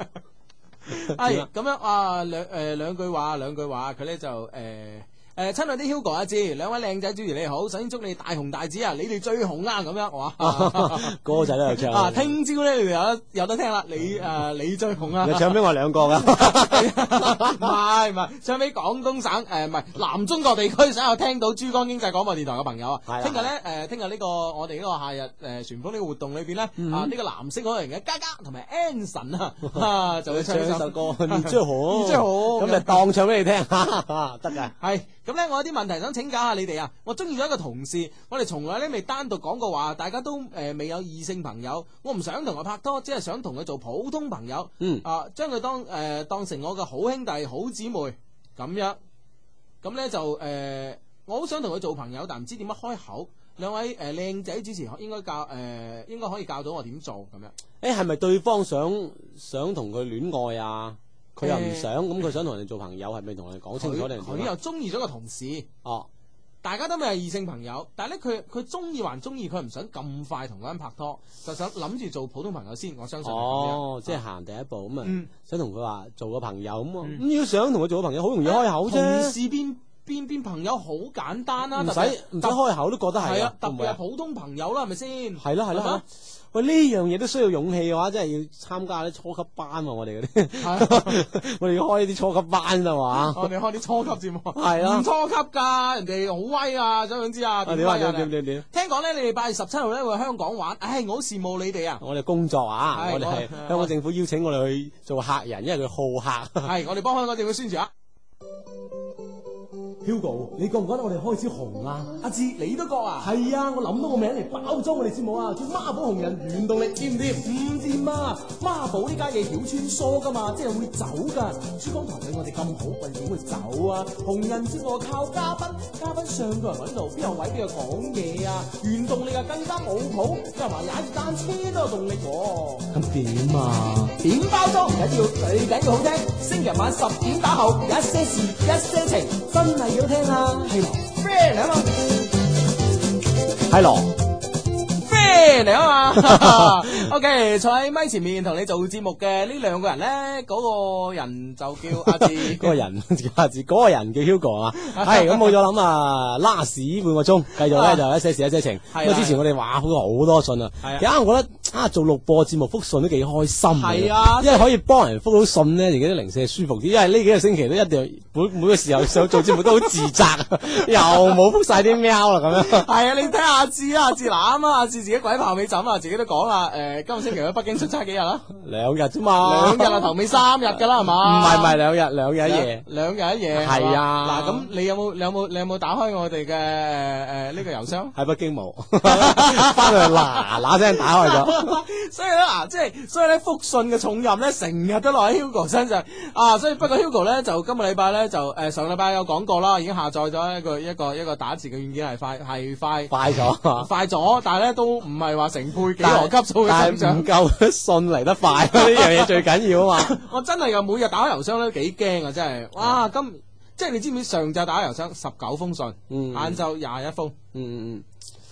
係咁、 哎、樣啊，兩誒、呃、兩句話，兩句話，佢呢就誒。呃誒，親愛啲 Hugo 阿志，兩位靚仔主持，你好，首先祝你大紅大紫啊！你哋最紅啦，咁樣，哇！歌仔都有唱啊，聽朝咧有有得聽啦，你誒你最紅啦，你唱俾我兩個啊？唔係唔係，唱俾廣東省誒唔係南中國地區所有聽到珠江經濟廣播電臺嘅朋友啊，聽日咧誒，聽日呢個我哋呢個夏日誒旋風呢個活動裏邊咧啊，呢個藍色嗰個人嘅嘉嘉同埋 Anson，啊就會唱一首歌，最紅最紅，咁就當唱俾你聽，得噶係。咁咧，我有啲問題想請教下你哋啊！我中意咗一個同事，我哋從來咧未單獨講過話，大家都誒、呃、未有異性朋友，我唔想同佢拍拖，只係想同佢做普通朋友。嗯，啊，將佢當誒、呃、當成我嘅好兄弟、好姊妹咁樣。咁咧就誒、呃，我好想同佢做朋友，但唔知點樣開口。兩位誒靚、呃、仔主持應該教誒、呃、應該可以教到我點做咁樣。誒係咪對方想想同佢戀愛啊？佢又唔想，咁佢想同人哋做朋友，係咪同人哋講清楚定點啊？佢又中意咗個同事。哦，大家都未係異性朋友，但係咧，佢佢中意還中意，佢唔想咁快同嗰個人拍拖，就想諗住做普通朋友先。我相信你。哦，即係行第一步咁啊，想同佢話做個朋友咁啊，咁要想同佢做個朋友，好容易開口啫。同事變變變朋友，好簡單啦，唔使唔使開口都覺得係啊。特別係普通朋友啦，係咪先？係啦，係啦。喂，呢樣嘢都需要勇氣嘅話，真係要參加啲初級班喎！我哋嗰啲，我哋要開啲初級班，係嘛？我哋開啲初級節目，係啊，唔初級噶，人哋好威啊！想唔想知啊？點威啊？點點點？聽講咧，你哋八月十七號咧會去香港玩，唉，我好羨慕你哋啊！我哋工作啊，我哋係香港政府邀請我哋去做客人，因為佢好客。係，我哋幫香港政府宣傳。Hugo, 你覺唔覺得我哋開始紅啦、啊？阿志、啊，你都覺啊？係啊，我諗到個名嚟包裝我哋節目啊，叫孖寶紅人原動力，掂唔掂？唔掂、嗯、啊！孖寶呢家嘢曉穿梭噶嘛，即係會走噶。珠江台對我哋咁好，為點會走啊？紅人節目靠嘉賓，嘉賓上到人我度，邊有位邊度講嘢啊？原動力啊，更加冇譜，又埋踩住單車都有動力喎。咁點啊？嗯、知知啊點包裝唔緊要，最緊要好聽。星期晚十點打後，一些事，一些情，真係。真要聽啊，係咯 friend 嚟啊嘛，係咯 friend 嚟啊嘛，OK，坐喺咪前面同你做節目嘅呢兩個人咧，嗰、嗰個人就叫阿志，嗰 個人阿志，嗰 個人叫 Hugo 啊、 哎，係咁冇咗諗啊，拉屎半個鐘，繼續咧就一些事一些情，咁啊 的之前我哋話過好多信啊，的其實我覺得。啊！做六播節目覆信都幾開心嘅，啊、因為可以幫人覆到信咧，而家都零舍舒服啲。因為呢幾個星期都一定每每個時候想做節目都好自責， 又冇覆晒啲喵啦咁樣。係 啊，你睇下阿志啊，阿志嗱啊嘛，阿志、啊、自，自己鬼炮尾枕啊，自己都講啦。誒、呃，今個星期去北京出差幾日啊？兩日咋嘛？兩日啊，啊頭尾三日噶啦，係嘛、啊？唔係唔係，兩日兩日一夜。兩日一夜。係啊。嗱、啊，咁、啊、你有冇你有冇你有冇打開我哋嘅誒呢個郵箱？喺北京冇，翻 去嗱嗱聲打開咗。 所以咧啊，即係所以咧，福信嘅重任咧，成日都落喺 Hugo 身上啊！所以不過 Hugo 咧，就今個禮拜咧就，誒、呃，上個禮拜有講過啦，已經下載咗一個一個一個打字嘅軟件係快係快快咗了 快咗，但係咧都唔係話成倍嘅，但係急速嘅增長，信嚟得快呢樣嘢最緊要啊嘛！ 我真係又每日打開郵箱都幾驚啊！真係，哇！嗯、今即係你知唔知上晝打開郵箱十九封信，晏晝廿一封，嗯嗯嗯。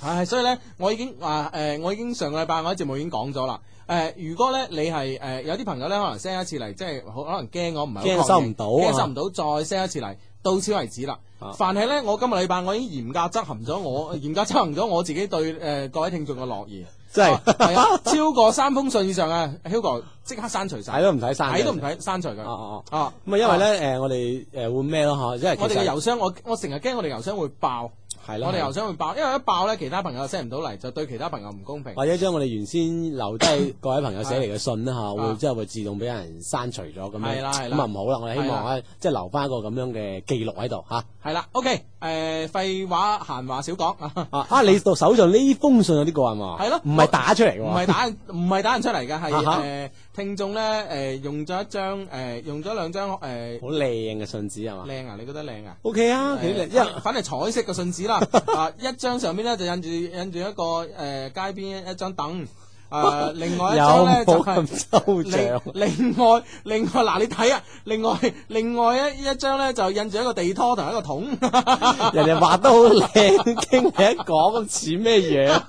係，所以咧，我已經話誒，我已經上個禮拜我喺節目已經講咗啦。誒，如果咧你係誒有啲朋友咧可能 send 一次嚟，即係可能驚我唔係驚收唔到，驚收唔到再 send 一次嚟。到此為止啦。凡係咧，我今日禮拜我已經嚴格執行咗，我嚴格執行咗我自己對誒各位聽眾嘅諾言。即係超過三封信以上嘅，Hugo 即刻刪除晒。係唔睇刪。睇都唔睇，刪除佢。哦咁啊，因為咧誒，我哋誒會咩咯吓？即係我哋嘅郵箱，我我成日驚我哋郵箱會爆。係啦，我哋又想會爆，因為一爆咧，其他朋友又 send 唔到嚟，就對其他朋友唔公平。或者將我哋原先留低各位朋友寫嚟嘅信咧吓，會之後會自動俾人刪除咗咁樣，咁啊唔好啦，我哋希望咧即係留翻個咁樣嘅記錄喺度吓。係啦，OK，誒，廢話閒話少講。啊，你到手上呢封信有啲過係嘛？係咯，唔係打出嚟，唔係打唔係打印出嚟嘅係誒。聽眾咧，誒、呃、用咗一張，誒、呃、用咗兩張，誒好靚嘅信紙係嘛？靚啊！你覺得靚啊？O K 啊，幾靚、okay 啊，一、呃、反係彩色嘅信紙啦， 啊一張上邊咧就印住印住一個誒、呃、街邊一張凳。誒、呃，另外一張咧就係另外另外，嗱、啊，你睇啊，另外另外一一張咧就印住一個地拖同一個桶， 人哋畫得好靚，經你 一講似咩嘢？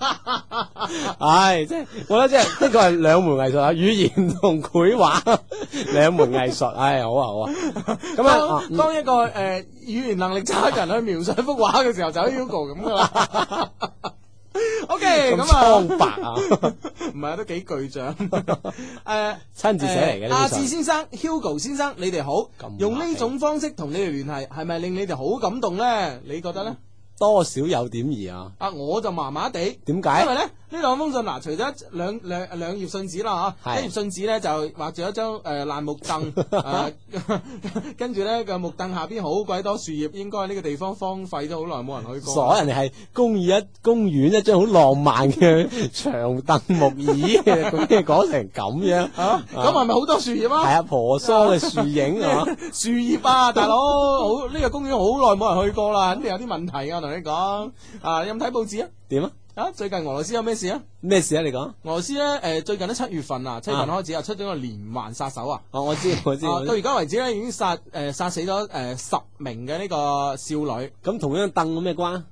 唉、 哎，即係我覺得即係呢個係兩門藝術啊，語言同繪畫兩門藝術。唉、哎，好啊好啊，咁 樣當啊，當一個誒、呃、語言能力差嘅人去描述一幅畫嘅時候，就喺 Hugo 咁噶啦。 O K，咁啊， 啊，唔係都幾具象誒，親自寫嚟嘅。阿志先生、Hugo 先生，你哋好，用呢種方式同你哋聯繫，係咪令你哋好感動咧？你覺得咧、嗯？多少有點而啊，啊我就麻麻地，點解？因為咧。呢兩封信嗱，除咗兩兩兩頁信紙啦，嗬，一頁信紙咧就畫住一張誒爛木凳，跟住咧個木凳下邊好鬼多樹葉，應該呢個地方荒廢都好耐，冇人去過。傻人哋係公園一公園一張好浪漫嘅長凳木椅，咁嘅講成咁樣啊？咁係咪好多樹葉啊？係啊，婆娑嘅樹影啊，樹葉啊，大佬，好呢個公園好耐冇人去過啦，肯定有啲問題啊！我同你講啊，有冇睇報紙啊？點啊？啊！最近俄羅斯有咩事啊？咩事啊？你講俄羅斯咧？誒、呃、最近咧七月份啊，七月份開始又、啊、出咗個連環殺手啊！哦，我知我知。到而家為止咧，已經殺誒、呃、殺死咗誒十名嘅呢個少女。咁同張凳有咩關？誒、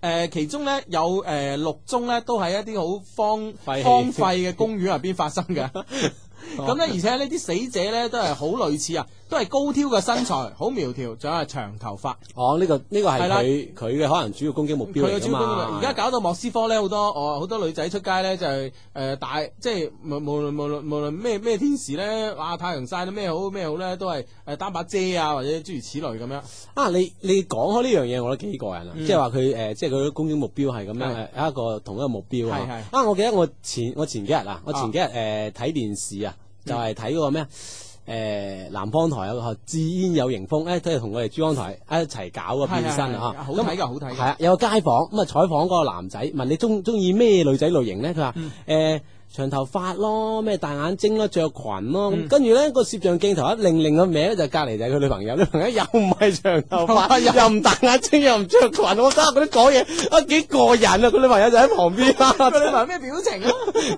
呃、其中咧有誒六、呃、宗咧都係一啲好荒廢氣荒廢嘅公園入邊發生嘅。咁咧，而且呢啲死者咧都係好類似啊。 都係高挑嘅身材，好苗條，仲有係長頭髮。哦，呢個呢個係佢佢嘅可能主要攻擊目標。佢主要攻擊。而家搞到莫斯科咧，好多哦，好多女仔出街咧就係誒大，即係無論無論無論咩咩天時咧，哇，太陽曬到咩好咩好咧，都係誒擔把遮啊，或者諸如此類咁樣。啊，你你講開呢樣嘢，我都幾過癮啊！即係話佢誒，即係佢嘅攻擊目標係咁樣有一個同一個目標啊。啊，我記得我前我前幾日啊，我前幾日誒睇電視啊，就係睇嗰個咩誒、呃，南方台自有個志煙有型風，誒都係同我哋珠江台一齊搞個變身是的是的啊！吓，咁睇嘅好睇。係啊，有個街訪咁啊，採、嗯、訪個男仔，問你中中意咩女仔類型咧？佢話誒。呃嗯長頭髮咯，咩大眼睛咯，着裙咯，咁跟住咧，個攝像鏡頭一令令個名咧，就隔籬就係佢女朋友，女朋友又唔係長頭髮，又唔大眼睛，又唔着裙，我真係覺得啲講嘢啊幾過癮啊！佢女朋友就喺旁邊啦。佢女朋友咩表情啊？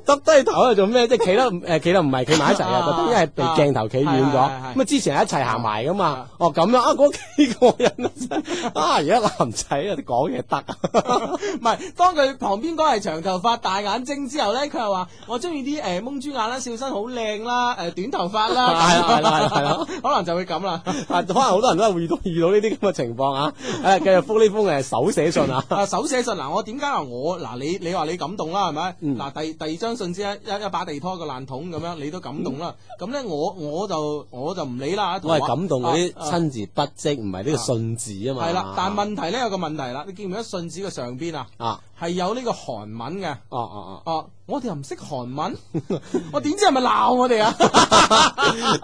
耷低頭喺度做咩？即係企得誒，企得唔係企埋一齊啊？因為係被鏡頭企遠咗。咁啊之前係一齊行埋噶嘛？哦咁樣啊，嗰幾過人啊！真啊，而家男仔啊，啲講嘢得。唔係當佢旁邊嗰係長頭髮大眼睛之後咧，佢又話。我中意啲誒蒙豬眼啦，笑身好靚啦，誒、呃、短頭髮啦，係啦係啦係啦， 可能就會咁啦， 啊可能好多人都係遇到遇到呢啲咁嘅情況啊，誒繼續封呢封誒手寫信啊，啊手寫信嗱、啊、我點解話我嗱、啊、你你話你感動啦係咪？嗱第、嗯啊、第二張信紙一一把地拖個爛桶咁樣你都感動啦，咁咧、嗯、我我就我就唔理啦，我係感動嗰啲親自筆迹唔係呢個信字啊嘛，係啦，但係問題咧有個問題啦，你見唔見到信紙嘅上邊啊？啊，係、啊啊、有呢個韓、啊、文嘅，哦哦哦，哦、啊。啊我哋又唔識韓文， 我點知係咪鬧我哋啊？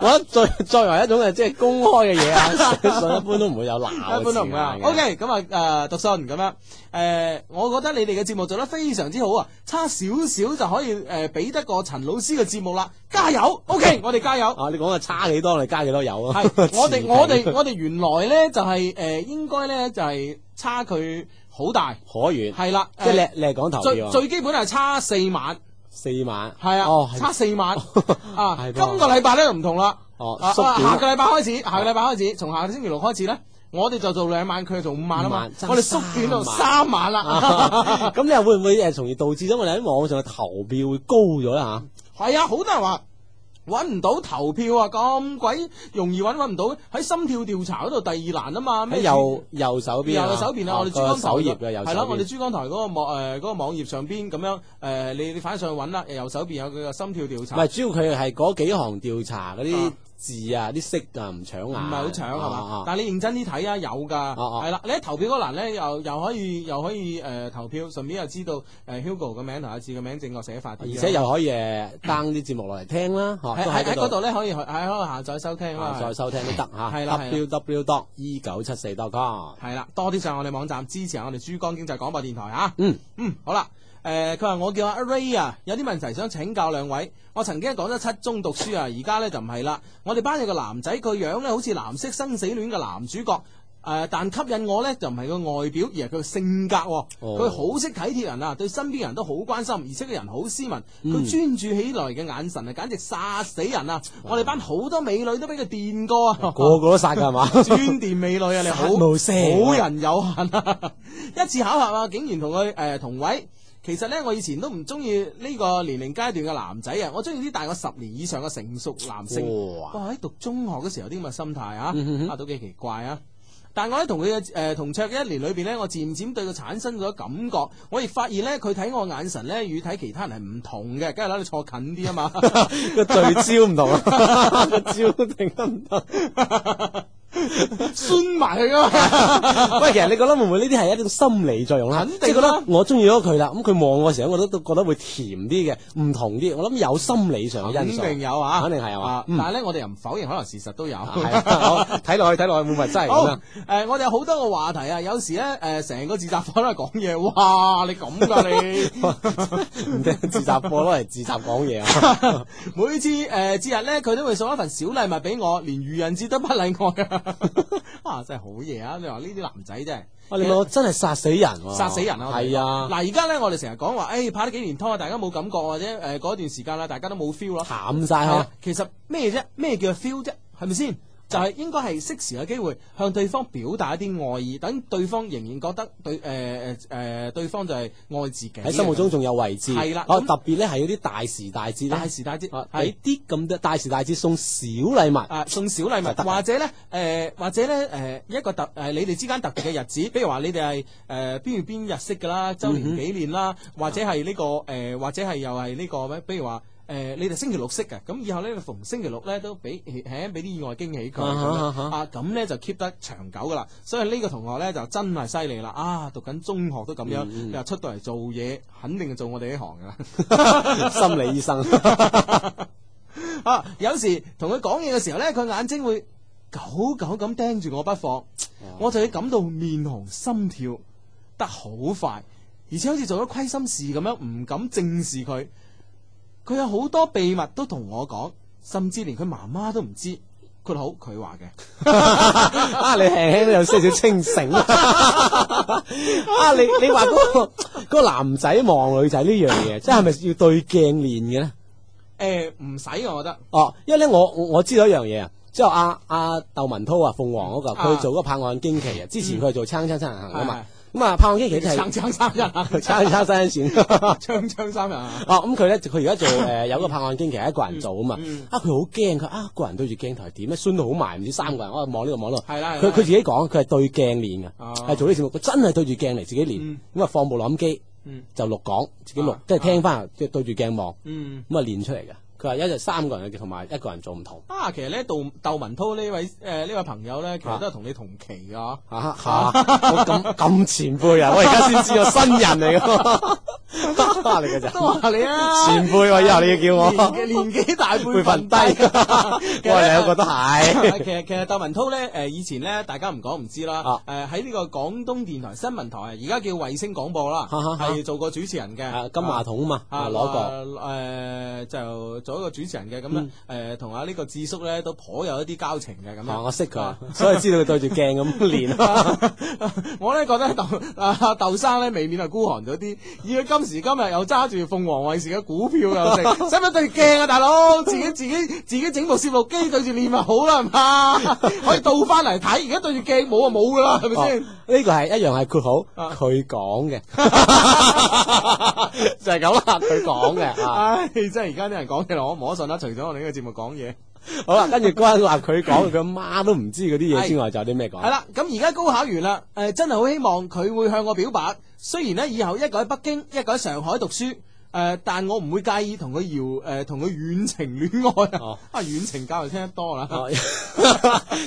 我覺得作作為一種誒，即係公開嘅嘢啊，所 一般都唔會有鬧。一般都唔會啊。吧 OK，咁啊，誒、呃，讀信咁樣，誒、呃，我覺得你哋嘅節目做得非常之好啊，差少少就可以誒、呃，比得過陳老師嘅節目啦，加油！OK， 我哋加油。啊，你講嘅，差幾多你加幾多油啊？係是 我哋，我哋，我哋原來咧就係、是、誒、呃，應該咧就係差佢。好大可遠係啦，即係你你係講投票最基本係差四晚，四晚係啊，差四晚啊！今個禮拜咧就唔同啦，下個禮拜開始，下個禮拜開始，從下個星期六開始咧，我哋就做兩晚，佢就做五晚啊嘛，我哋縮短到三晚啦。咁你又會唔會誒從而導致咗我哋喺網上嘅投票會高咗咧吓？係啊，好多人話。揾唔到投票啊！咁鬼容易揾，揾唔到喺心跳調查嗰度第二欄啊嘛。喺右右手邊右手邊啊，我哋珠江台、啊。嗰個首頁啊，右手邊。係啦，我哋珠江台嗰個網誒嗰、呃嗰個網頁上邊咁樣誒、呃，你你反上去揾啦。右手邊有佢嘅心跳調查。唔係，主要佢係嗰幾行調查嗰啲、啊。字啊，啲色啊，唔搶眼。唔係好搶係嘛？但係你認真啲睇啊，有㗎。係啦，你喺投票嗰欄咧，又又可以又可以誒投票，順便又知道誒 Hugo 嘅名同阿志嘅名正確寫法。而且又可以登啲節目落嚟聽啦。喺嗰度咧可以喺嗰度下載收聽啊，下載收聽都得嚇。係啦，www.e 九七四 .com 係啦，多啲上我哋網站支持我哋珠江經濟廣播電台啊。嗯嗯，好啦。.誒，佢話、呃、我叫阿 Ray 啊，有啲問題想請教兩位。我曾經講咗七中讀書啊，而家咧就唔係啦。我哋班有個男仔，個樣咧好似《藍色生死戀》嘅男主角。誒、呃，但吸引我咧就唔係個外表，而係佢嘅性格、啊。佢好識體貼人啊，對身邊人都好關心，而且個人好斯文。佢專、嗯、注起來嘅眼神啊，簡直殺死人啊！哦、我哋班好多美女都俾佢電過啊，個個都殺噶係嘛？專 電美女啊，你好、殺無聲、好人有限啊！ 一次考核啊，竟然同佢誒同位。其實咧，我以前都唔中意呢個年齡階段嘅男仔啊，我中意啲大我十年以上嘅成熟男性。哇，哇！我喺讀中學嗰時候啲咁嘅心態啊，都幾、嗯、奇怪啊。但係我喺、呃、同佢誒同桌嘅一年裏邊咧，我漸漸對佢產生咗感覺。我亦發現咧，佢睇我眼神咧，與睇其他人係唔同嘅。梗係啦，你坐近啲啊嘛，個聚焦唔同啊，焦定得唔同。 酸埋迷佢啊！ 喂，其實你覺得會唔會呢啲係一種心理作用啦？即係、啊、覺得我中意咗佢啦，咁佢望我嘅時候，我都都覺得會甜啲嘅，唔同啲。我諗有心理上嘅因素，肯定有啊，肯定係啊。嗯、但係咧，我哋又唔否認，可能事實都有。睇落、啊啊、 去，睇落去會唔會真啊？誒、呃，我哋有好多個話題啊，有時咧，誒、呃，成個自習課都係講嘢。哇，你咁噶、啊、你？ 自習課攞嚟自習講嘢啊？ 每次誒節、呃、日咧，佢都會送一份小禮物俾我，連愚人節都不例外。 啊，真係好嘢啊！你話呢啲男仔真係，啊、實你話真係殺死人，殺死人啊！係啊，嗱而家咧，我哋成日講話，誒、哎，拍咗幾年拖，啊，大家冇感覺或者誒，嗰段時間啦，大家都冇 feel 咯了，淡晒係啊。其實咩啫？咩叫 feel 啫？係咪先？就係應該係適時嘅機會，向對方表達一啲愛意，等對方仍然覺得對誒誒誒，對方就係愛自己，喺心目中仲有位置。係啦、啊，特別咧係有啲大時大節，大時大節喺啲咁嘅大時大節送小禮物，啊、送小禮物，行或者咧誒、呃，或者咧誒、呃，一個特誒、呃、你哋之間特別嘅日子， 比如話你哋係誒邊月邊、邊日式㗎啦，周年紀念啦、嗯哼呢個呃，或者係呢、呢個誒，或者係又係呢個咩？比如話。誒、呃，你哋星期六識嘅，咁以後呢，逢星期六咧都俾係俾啲意外驚喜佢啊！咁咧、啊啊、就 keep 得長久噶啦。所以呢個同學咧就真係犀利啦！啊，讀緊中學都咁樣，又、嗯、出到嚟做嘢，肯定係做我哋呢行噶啦、嗯、 心理醫生。 啊，有時同佢講嘢嘅時候咧，佢眼睛會久久咁盯住我不放，嗯、我就會感到面紅心跳得好快，而且好似做咗虧心事咁樣，唔敢正視佢。佢有好多秘密都同我講，甚至連佢媽媽都唔知。佢好佢話嘅， 啊你輕輕都有些少清醒。 啊你你話嗰、嗰個、嗰個男仔望女仔呢樣嘢，即係咪要對鏡面嘅咧？誒唔使我覺得。哦、啊，因為咧我我知道一樣嘢，就是、啊，即係阿阿竇文濤啊，鳳凰嗰、嗰個，佢做嗰個拍案驚奇啊，之前佢係做叉叉叉《鏘鏘三人行》啊嘛、嗯。的咁啊，拍案驚奇其實係槍槍三人啊，槍槍三人線，槍槍三人啊。哦，咁佢咧，佢而家做誒，有個拍案驚奇，其實一個人做啊嘛。啊，佢好驚，佢啊，個人對住鏡頭點咧，酸到好埋，唔知三個人，我望呢度望落。係啦，佢佢自己講，佢係對鏡練噶，係做呢節目，佢真係對住鏡嚟自己練。咁啊，放部錄音機，就錄講，自己錄，即係聽翻，即係對住鏡望。咁啊，練出嚟噶。佢話一日三個人嘅同埋一個人做唔同啊！其實咧，杜竇文濤呢位誒呢位朋友咧，其實都係同你同期嘅，嗬嚇咁咁前輩啊！我而家先知個新人嚟㗎，都話你啊！前輩喎，以後你要叫我年紀大，輩分低。我哋兩個都係。其實其實竇文濤咧誒以前咧，大家唔講唔知啦誒喺呢個廣東電台新聞台，而家叫衛星廣播啦，係做過主持人嘅金話筒啊嘛，攞過誒就。做一個主持人嘅，咁樣，誒，同啊呢個智叔咧都頗有一啲交情嘅咁啊，我識佢，所以知道佢對住鏡咁練。我咧覺得豆啊豆生咧未免係孤寒咗啲，以佢今時今日又揸住鳳凰衛視嘅股票又食，使唔使對住鏡啊，大佬？自己自己自己整部攝錄機對住練咪好啦，係嘛？可以倒翻嚟睇，而家對住鏡冇啊冇噶啦，係咪先？呢個係一樣係括號，佢講嘅就係咁啦，佢講嘅。唉，真係而家啲人講嘢。我摸得啦，除咗我哋呢個節目講嘢，好啦，跟住嗰日話佢講佢阿媽都唔知嗰啲嘢，之外就有啲咩講。係啦，咁而家高考完啦，誒，真係好希望佢會向我表白。雖然咧以後一個喺北京，一個喺上海讀書，誒，但我唔會介意同佢遙誒，同佢遠程戀愛。啊，遠程教育聽得多啦，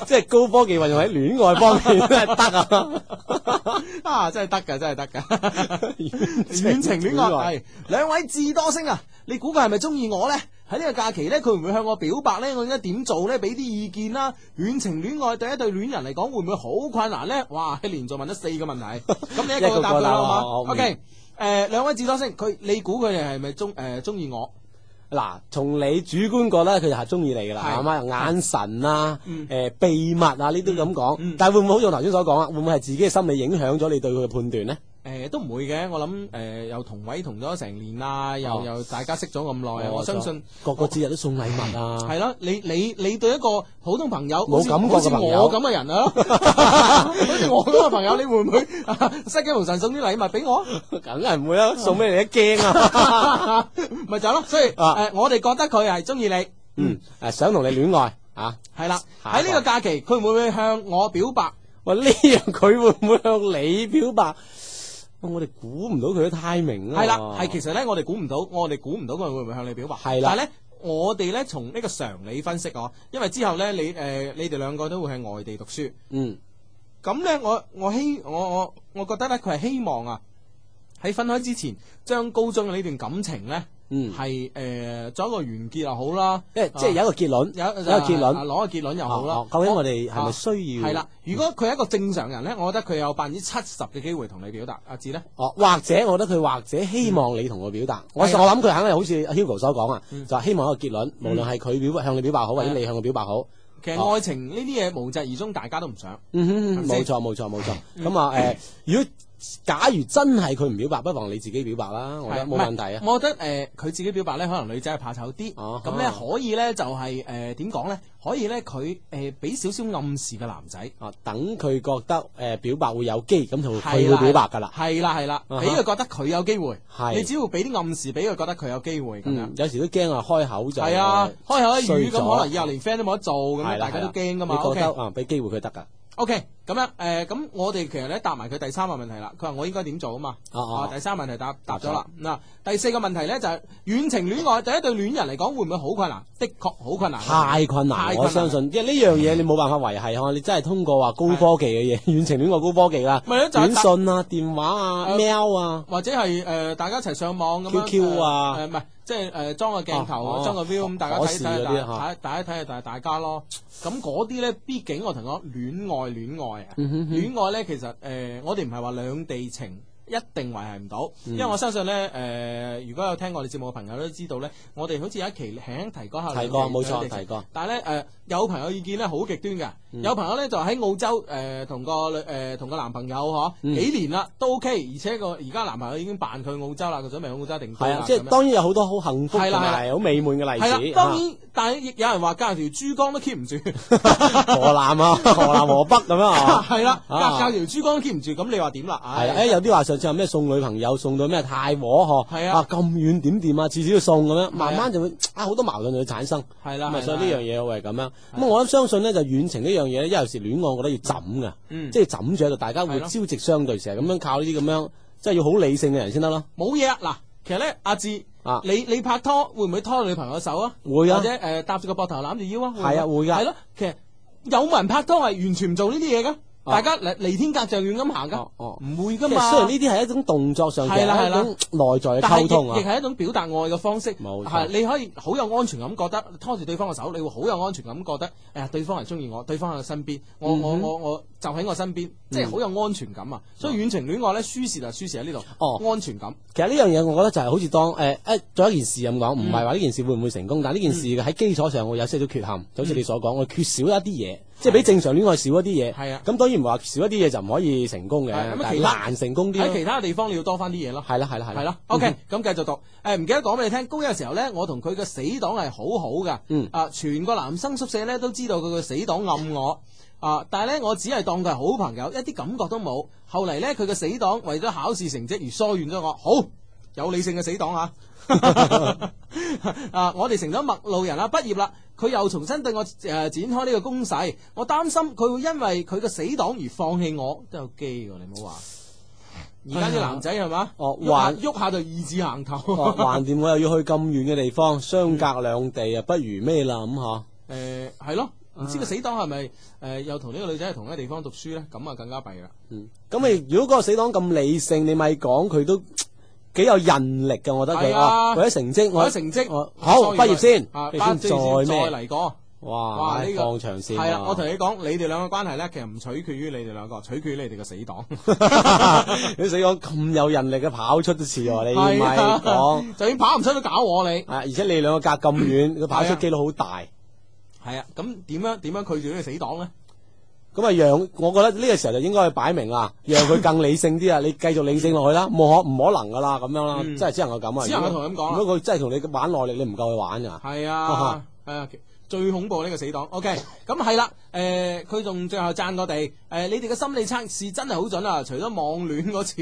即係高科技運用喺戀愛方面真係得啊！啊，真係得噶，真係得噶，遠程戀愛係兩位智多星啊，你估計係咪中意我咧？喺呢個假期咧，佢唔會向我表白咧，我應該點做咧？俾啲意見啦。遠程戀愛對一對戀人嚟講，會唔會好困難咧？哇！一連續問咗四個問題，咁 你一個，一個,個,個答佢啦嘛。阿誒，兩、okay. 呃、位智多星，佢你估佢哋係咪中誒中意我？嗱，從你主觀覺得，佢就係中意你噶啦，係嘛是？眼神啊，誒、嗯呃，秘密啊，呢啲咁講，嗯嗯但係會唔會好似我頭先所講啊？會唔會係自己嘅心理影響咗你對佢嘅判斷咧？誒，都唔會嘅。我諗誒，又同位同咗成年啦，又又大家識咗咁耐，我相信個個節日都送禮物啊。係咯，你你你對一個普通朋友，冇感覺我咁嘅人啊，好似我咁嘅朋友，你會唔會西經龍神送啲禮物俾我？梗係唔會啦，送俾你都驚啊，咪就係咯。所以誒，我哋覺得佢係中意你，嗯，誒想同你戀愛啊，係啦。喺呢個假期，佢會唔會向我表白？或呢樣佢會唔會向你表白？我哋估唔到佢太明啊！係啦，係，其實咧，我哋估唔到，我哋估唔到佢會唔會向你表白？係啦的，但係咧，我哋咧從呢從個常理分析，哦，因為之後咧，你誒、呃，你哋兩個都會喺外地讀書，嗯，咁咧，我我希我我我覺得咧，佢係希望啊，喺分開之前，將高中嘅呢段感情咧。嗯，係誒，做一個完結又好啦，即係即係有一個結論，有一個結論，攞個結論又好啦。究竟我哋係咪需要？係啦，如果佢係一個正常人咧，我覺得佢有百分之七十嘅機會同你表達。阿志咧，哦，或者我覺得佢或者希望你同佢表達。我我諗佢肯定好似 Hugo 所講啊，就希望一個結論，無論係佢表向你表白好，或者你向佢表白好。其實愛情呢啲嘢無疾而終，大家都唔想。冇錯，冇錯，冇錯。咁啊，誒，如果。假如真係佢唔表白，不妨你自己表白啦。我覺得冇問題啊。我覺得誒，佢自己表白咧，可能女仔係怕醜啲。哦，咁咧可以咧就係誒點講咧？可以咧佢誒俾少少暗示嘅男仔。哦，等佢覺得誒表白會有機，咁就會同佢表白噶啦。係啦係啦，俾佢覺得佢有機會。係，你只要俾啲暗示俾佢，覺得佢有機會咁樣。有時都驚啊，開口就係啊，開口一語咁，可能以後連 friend 都冇得做咁，大家都驚噶嘛。覺得，啊，俾機會佢得噶。O K。咁樣誒，咁我哋其實咧答埋佢第三個問題啦。佢話我應該點做啊嘛？哦哦，第三問題答答咗啦。嗱，第四個問題咧就係遠程戀愛，第一對戀人嚟講會唔會好困難？的確好困難。太困難，我相信，因為呢樣嘢你冇辦法維繫。嗬，你真係通過話高科技嘅嘢，遠程戀愛高科技啦。咪咯，就係短信啊、電話啊、喵啊，或者係誒大家一齊上網咁。Q Q 啊，誒唔係，即係誒裝個鏡頭，裝個 view，咁大家睇睇，大大家睇下大大家咯。咁嗰啲咧，畢竟我同你講，戀愛戀愛。戀、嗯、愛咧，其實誒、呃，我哋唔係話兩地情。一定維繫唔到，因為我相信咧，誒，如果有聽過我哋節目嘅朋友都知道咧，我哋好似有一期輕輕提過下，提過冇錯，提過。但係咧，誒，有朋友意見咧，好極端㗎，有朋友咧就喺澳洲，誒，同個女，誒，同個男朋友，嗬，幾年啦，都 OK，而且個而家男朋友已經辦佢澳洲啦，佢想咪去澳洲定居。即係當然有好多好幸福嘅例子，好美滿嘅例子。係啦，當然，但係有人話隔條珠江都 keep 唔住，河南啊，河南河北咁樣啊。係啦，隔隔條珠江都 keep 唔住，咁你話點啦？係有啲話。之後咩送女朋友送到咩太和嗬，啊咁遠點掂啊，至少要送咁樣，慢慢就會啊好多矛盾就會產生，係啦，所以呢樣嘢我會係咁樣。咁我諗相信咧就遠程呢樣嘢咧，有時戀愛我覺得要枕噶，即係枕住喺度，大家會朝夕相對，成日咁樣靠呢啲咁樣，即係要好理性嘅人先得咯。冇嘢嗱，其實咧阿志，你你拍拖會唔會拖你女朋友手啊？會啊，或者誒搭住個膊頭攬住腰啊？係啊會噶，係咯，其實有冇人拍拖係完全唔做呢啲嘢噶？大家嚟嚟天隔像遠咁行噶，哦唔會噶嘛。雖然呢啲係一種動作上，係啦係啦，內在嘅溝通啊。但亦亦係一種表達愛嘅方式。冇錯，係你可以好有安全感，覺得拖住對方嘅手，你會好有安全感，覺得誒，對方係中意我，對方喺我身邊，我我我我就喺我身邊，即係好有安全感啊。所以遠程戀愛咧，舒適就舒適喺呢度。哦，安全感。其實呢樣嘢，我覺得就係好似當誒誒做一件事咁講，唔係話呢件事會唔會成功，但係呢件事喺基礎上，會有少少缺陷，就好似你所講，我缺少一啲嘢。即係比正常戀愛少一啲嘢，係啊的，咁當然唔話少一啲嘢就唔可以成功嘅，但係難成功啲。喺其他地方你要多翻啲嘢咯。係啦係啦係啦。係咯的、嗯、哼，OK，咁繼續讀。誒、呃，唔記得講俾你聽，高一嘅時候咧，我同佢嘅死黨係好好噶，啊、嗯呃，全個男生宿舍咧都知道佢嘅死黨暗我，啊、呃，但係咧我只係當佢係好朋友，一啲感覺都冇。後嚟咧佢嘅死黨為咗考試成績而疏遠咗我，好有理性嘅死黨啊！ 啊！我哋成咗陌路人啦，畢業啦，佢又重新對我誒、呃、展開呢個攻勢，我擔心佢會因為佢個死黨而放棄我。都有機喎，你唔好話。而家啲男仔係嘛？是是哦，還喐下，下就二字行頭。橫掂、哦、我又要去咁遠嘅地方，相隔兩地啊，不如咩諗吓？誒，係咯，唔知個死黨係咪誒又同呢個女仔喺同一個地方讀書咧？咁啊更加弊啦、嗯。嗯、咁、嗯、你、嗯、如果嗰個死黨咁理性，你咪講佢都。幾有韌力噶我覺得佢啊，佢啲成績，佢啲成績，好畢業先，先再再嚟過哇，放長線係啦。我同你講，你哋兩個關係咧，其實唔取決於你哋兩個，取決你哋個死黨。你死黨咁有韌力嘅跑出都似喎，你唔係講，就算跑唔出都搞我你。啊，而且你兩個隔咁遠，佢跑出幾率好大。係啊，咁點樣點樣拒絕呢個死黨咧？咁啊，讓我覺得呢個時候就應該去擺明啦，讓佢更理性啲啊！ 你繼續理性落去啦，冇可唔可能噶啦，咁樣啦，即係只能夠咁啊！只能同佢咁講啊，如果佢真係同你玩耐力，你唔夠佢玩噶，係啊，係啊。啊最恐怖呢個死黨，OK，咁係啦，誒，佢仲最後讚我哋，誒，你哋嘅心理測試真係好準啊！除咗網戀嗰次，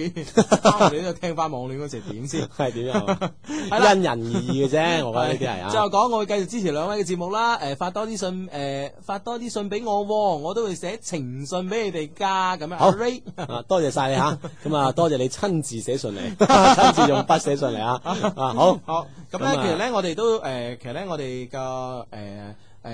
你又聽翻網戀嗰時點先？係點啊？係因人而異嘅啫，我覺得呢啲係啊。最後講，我會繼續支持兩位嘅節目啦，誒，發多啲信，誒，發多啲信俾我，我都會寫情信俾你哋㗎，咁啊。好，Ray，多謝晒你吓。咁啊，多謝你親自寫信嚟，親自用筆寫信嚟啊，啊，好。好，咁咧，其實咧，我哋都誒，其實咧，我哋嘅誒。誒，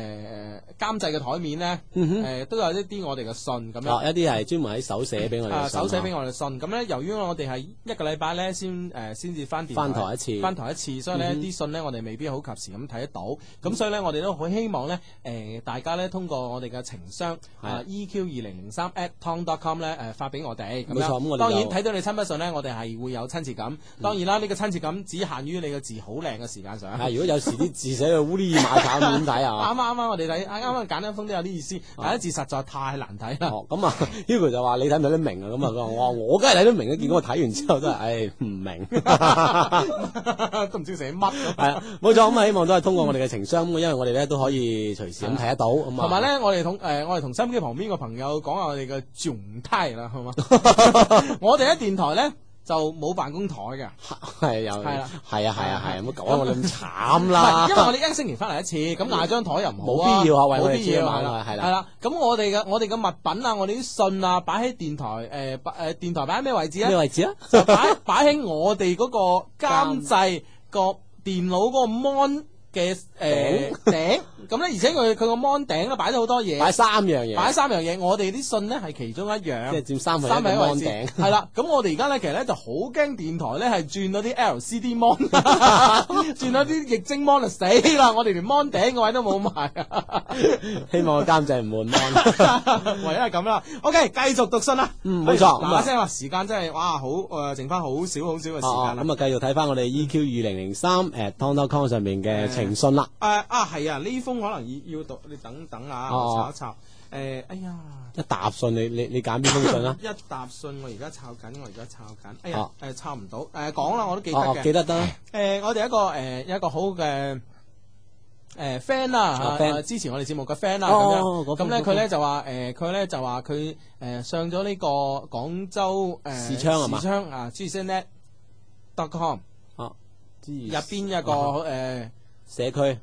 監製嘅台面咧，誒都有一啲我哋嘅信咁樣，一啲係專門喺手寫俾我哋手寫俾我哋嘅信。咁咧，由於我哋係一個禮拜咧先誒先至翻電翻台一次，翻台一次，所以呢啲信呢，我哋未必好及時咁睇得到。咁所以呢，我哋都好希望咧誒大家咧通過我哋嘅情商，EQ 二零零三 atton.com 咧誒發俾我哋。冇錯，咁我哋當然睇到你親筆信咧，我哋係會有親切感。當然啦，呢個親切感只限於你個字好靚嘅時間上。如果有時啲字寫到烏哩馬炒，點睇啊？啱啱我哋睇，啱啱簡單風都有啲意思，第一字實在太難睇啦。咁啊，Hugo 就話你睇唔睇得明啊？咁 啊，我話我梗係睇得明，啊，結果我睇完之後都係，唉、哎，唔明， 都唔知寫乜。係啊，冇 錯咁啊，希望都係通過我哋嘅情商，因為我哋咧都可以隨時咁睇得到。同埋咧，我哋同誒、呃、我哋同收音機旁邊個朋友講下我哋嘅狀態啦，好嘛？ 我哋喺電台咧。就冇辦公台嘅，係有，係啦，係啊，係啊，係，唔好講我咁慘啦。 因為我哋一星期翻嚟一次，咁攋張台又唔好冇、啊、必要啊，冇必要啊，係啦、啊，係啦。咁我哋嘅我哋嘅物品啊，我哋啲信啊，擺喺電台，誒，誒，電台擺喺咩位置啊？咩位置啊？擺擺喺我哋嗰個監製個電腦個 mon。嘅誒頂，咁咧，而且佢佢個 m o 頂咧擺咗好多嘢，擺三樣嘢，擺三樣嘢，我哋啲信咧係其中一樣，即係佔三分。三樣嘅 mon 啦，咁我哋而家咧其實咧就好驚電台咧係轉咗啲 LCD mon，轉到啲液晶 m 就死啦，我哋連 mon 頂嘅位都冇埋，希望監製唔換 m 唯一係咁啦。OK，繼續讀信啦，冇錯，嗱聲話時間真係哇好誒，剩翻好少好少嘅時間啦。咁啊，繼續睇翻我哋 EQ 二零零三誒 t o n n e c o n 上面嘅情。信啦！誒啊，係啊！呢封可能要要讀，你等等啊，我查一查。誒，哎呀！一答信，你你你揀邊封信啊？一答信，我而家抄緊，我而家抄緊。哎呀，誒抄唔到。誒講啦，我都記得嘅。記得得。誒，我哋一個誒一個好嘅誒 fan 啦嚇，支持我哋節目嘅 fan 啦咁樣。咁咧佢咧就話誒，佢咧就話佢誒上咗呢個廣州誒視窗啊嘛。視窗啊，gcnnet.com。入邊一個誒。社區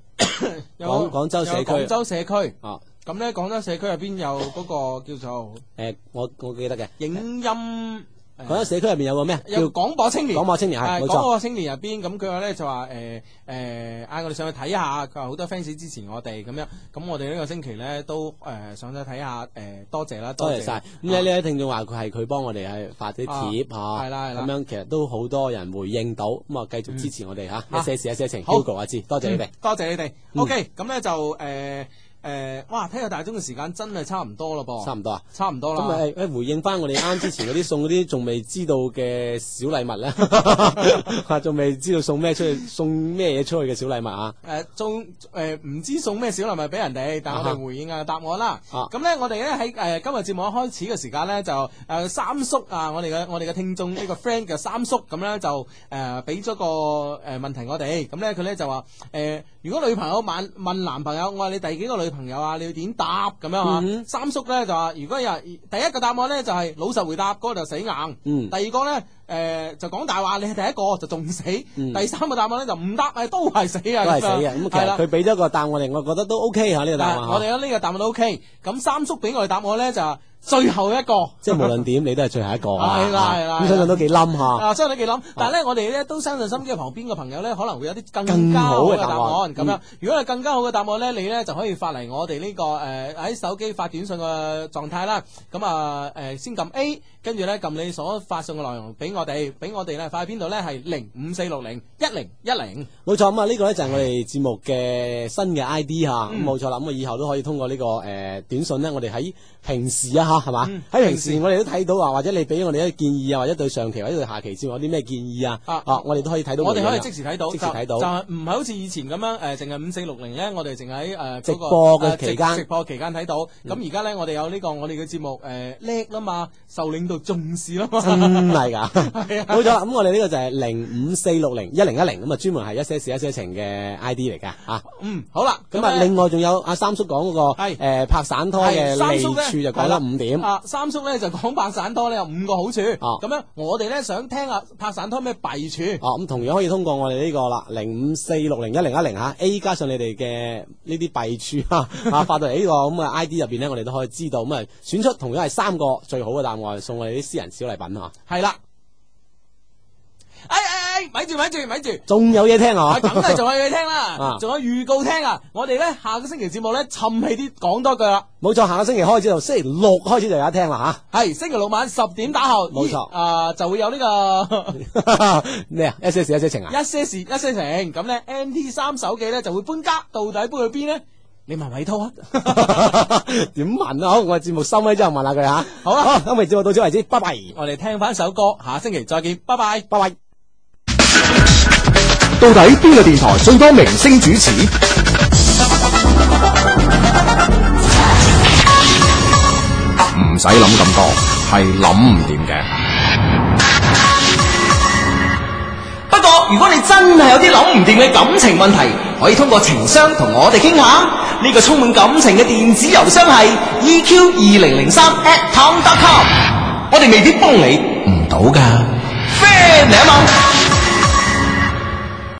有，廣廣州社區，廣州社區，哦，哦，咁咧廣州社區入邊有嗰個叫做，誒、呃，我我記得嘅，影音。嗰間社區入邊有個咩有叫廣播青年。廣播青年係冇錯。廣播青年入邊咁，佢話咧就話誒誒嗌我哋上去睇下。佢話好多 fans 支持我哋咁樣。咁我哋呢個星期咧都誒上去睇下誒，多謝啦，多謝晒！咁咧呢位聽眾話佢係佢幫我哋係發啲貼嚇，係啦，咁樣其實都好多人回應到咁啊，繼續支持我哋嚇，一些事啊，一些情 logo 阿志！多謝你哋，多謝你哋。OK，咁咧就誒。誒、呃，哇！睇下大鐘嘅時間真係差唔多咯噃，差唔多啊，差唔多啦。咁誒誒回應翻我哋啱之前啲送啲仲未知道嘅小禮物咧，仲 未 知道送咩出去，送咩嘢出去嘅小禮物啊？誒、呃，仲誒唔知送咩小禮物俾人哋，但係我哋回應啊，啊哈答我啦。咁咧、啊，我哋咧喺誒今日節目開始嘅時間咧，就誒、呃、三叔啊，我哋嘅我哋嘅聽眾呢、這個 friend 嘅三叔咁咧就誒俾咗個誒問題我哋，咁咧佢咧就話誒、呃、如果女朋友問男朋友問男朋友，我話你第幾個女朋友？朋友啊，你要點答咁樣啊？嗯、哼三叔咧就話：如果有第一個答案咧就係老實回答，嗰、嗰個就死硬；嗯、第二個咧誒、呃、就講大話，你係第一個就仲死；嗯、第三個答案咧就唔答，誒都係死啊！都係死啊！咁佢俾咗個答案，我哋我覺得都 OK 嚇呢個答案。我哋咧呢個答案都 OK。咁三叔俾我哋答案咧就。最後一個，即係無論點，你都係最後一個啊！係啦係啦，咁相信都幾冧嚇。啊，相信都幾冧。但係咧，我哋咧都相信身邊嘅旁邊嘅朋友咧，可能會有啲更加好嘅答案。咁樣，如果係更加好嘅答案咧，你咧就可以發嚟我哋呢個誒喺手機發短信嘅狀態啦。咁啊誒先撳 A，跟住咧撳你所發送嘅內容俾我哋，俾我哋咧發去邊度咧？係零五四六零一零一零。冇錯咁啊，呢個咧就係我哋節目嘅新嘅 ID 嚇。咁冇錯啦，咁啊以後都可以通過呢個誒短信咧，我哋喺平時啊。啊，係嘛？喺平時我哋都睇到，啊，或者你俾我哋一個建議啊，或者對上期或者對下期節目有啲咩建議啊？我哋都可以睇到。我哋可以即時睇到，即時睇到。就係唔係好似以前咁樣，誒，淨係五四六零咧，我哋淨喺誒直播嘅期間。直播期間睇到。咁而家咧，我哋有呢個我哋嘅節目誒叻啦嘛，受領導重視啦嘛。真係噶。冇錯。好咗，咁我哋呢個就係零五四六零一零一零，咁啊，專門係一些事一些情嘅 I D 嚟噶。吓。嗯，好啦，咁啊，另外仲有阿三叔講嗰個，係誒拍散拖嘅利處就講咗五。啊，三叔咧就講拍散拖咧有五個好處。啊，咁樣我哋咧想聽下拍散拖咩弊處？啊，咁同樣可以通過我哋呢個啦，零五四六零一零一零吓，A 加上你哋嘅呢啲弊處吓，啊， 啊發到嚟呢個咁嘅 I D 入邊咧，我哋都可以知道。咁啊，選出同樣係三個最好嘅答案，送我哋啲私人小禮品啊。係啦。誒誒誒，咪住咪住咪住，仲有嘢聽啊，梗係仲有嘢聽啦，仲有預告聽啊！我哋咧下個星期節目咧，沉氣啲講多句啦。冇錯，下個星期開始就星期六開始就有得聽啦吓。係星期六晚十點打後，冇錯啊，就會有呢個咩啊？一些事，一些情啊！一些事，一些情。咁咧，M T 三手機咧就會搬家，到底搬去邊呢？你問米濤啊？點問啊？好，我哋節目收尾之後問下佢吓。好啦，好，咁我哋節目到此為止，拜拜。我哋聽翻首歌，下星期再見，拜拜，拜拜。到底邊個電台最多明星主持？唔使諗咁多，係諗唔掂嘅。 不過如果你真係有啲諗唔掂嘅感情問題，可以通過情商同我哋傾下。呢個充滿感情嘅電子郵箱係 EQ 二零零三 at tom dot com。 我哋未必幫你唔到噶。friend 嚟啊嘛！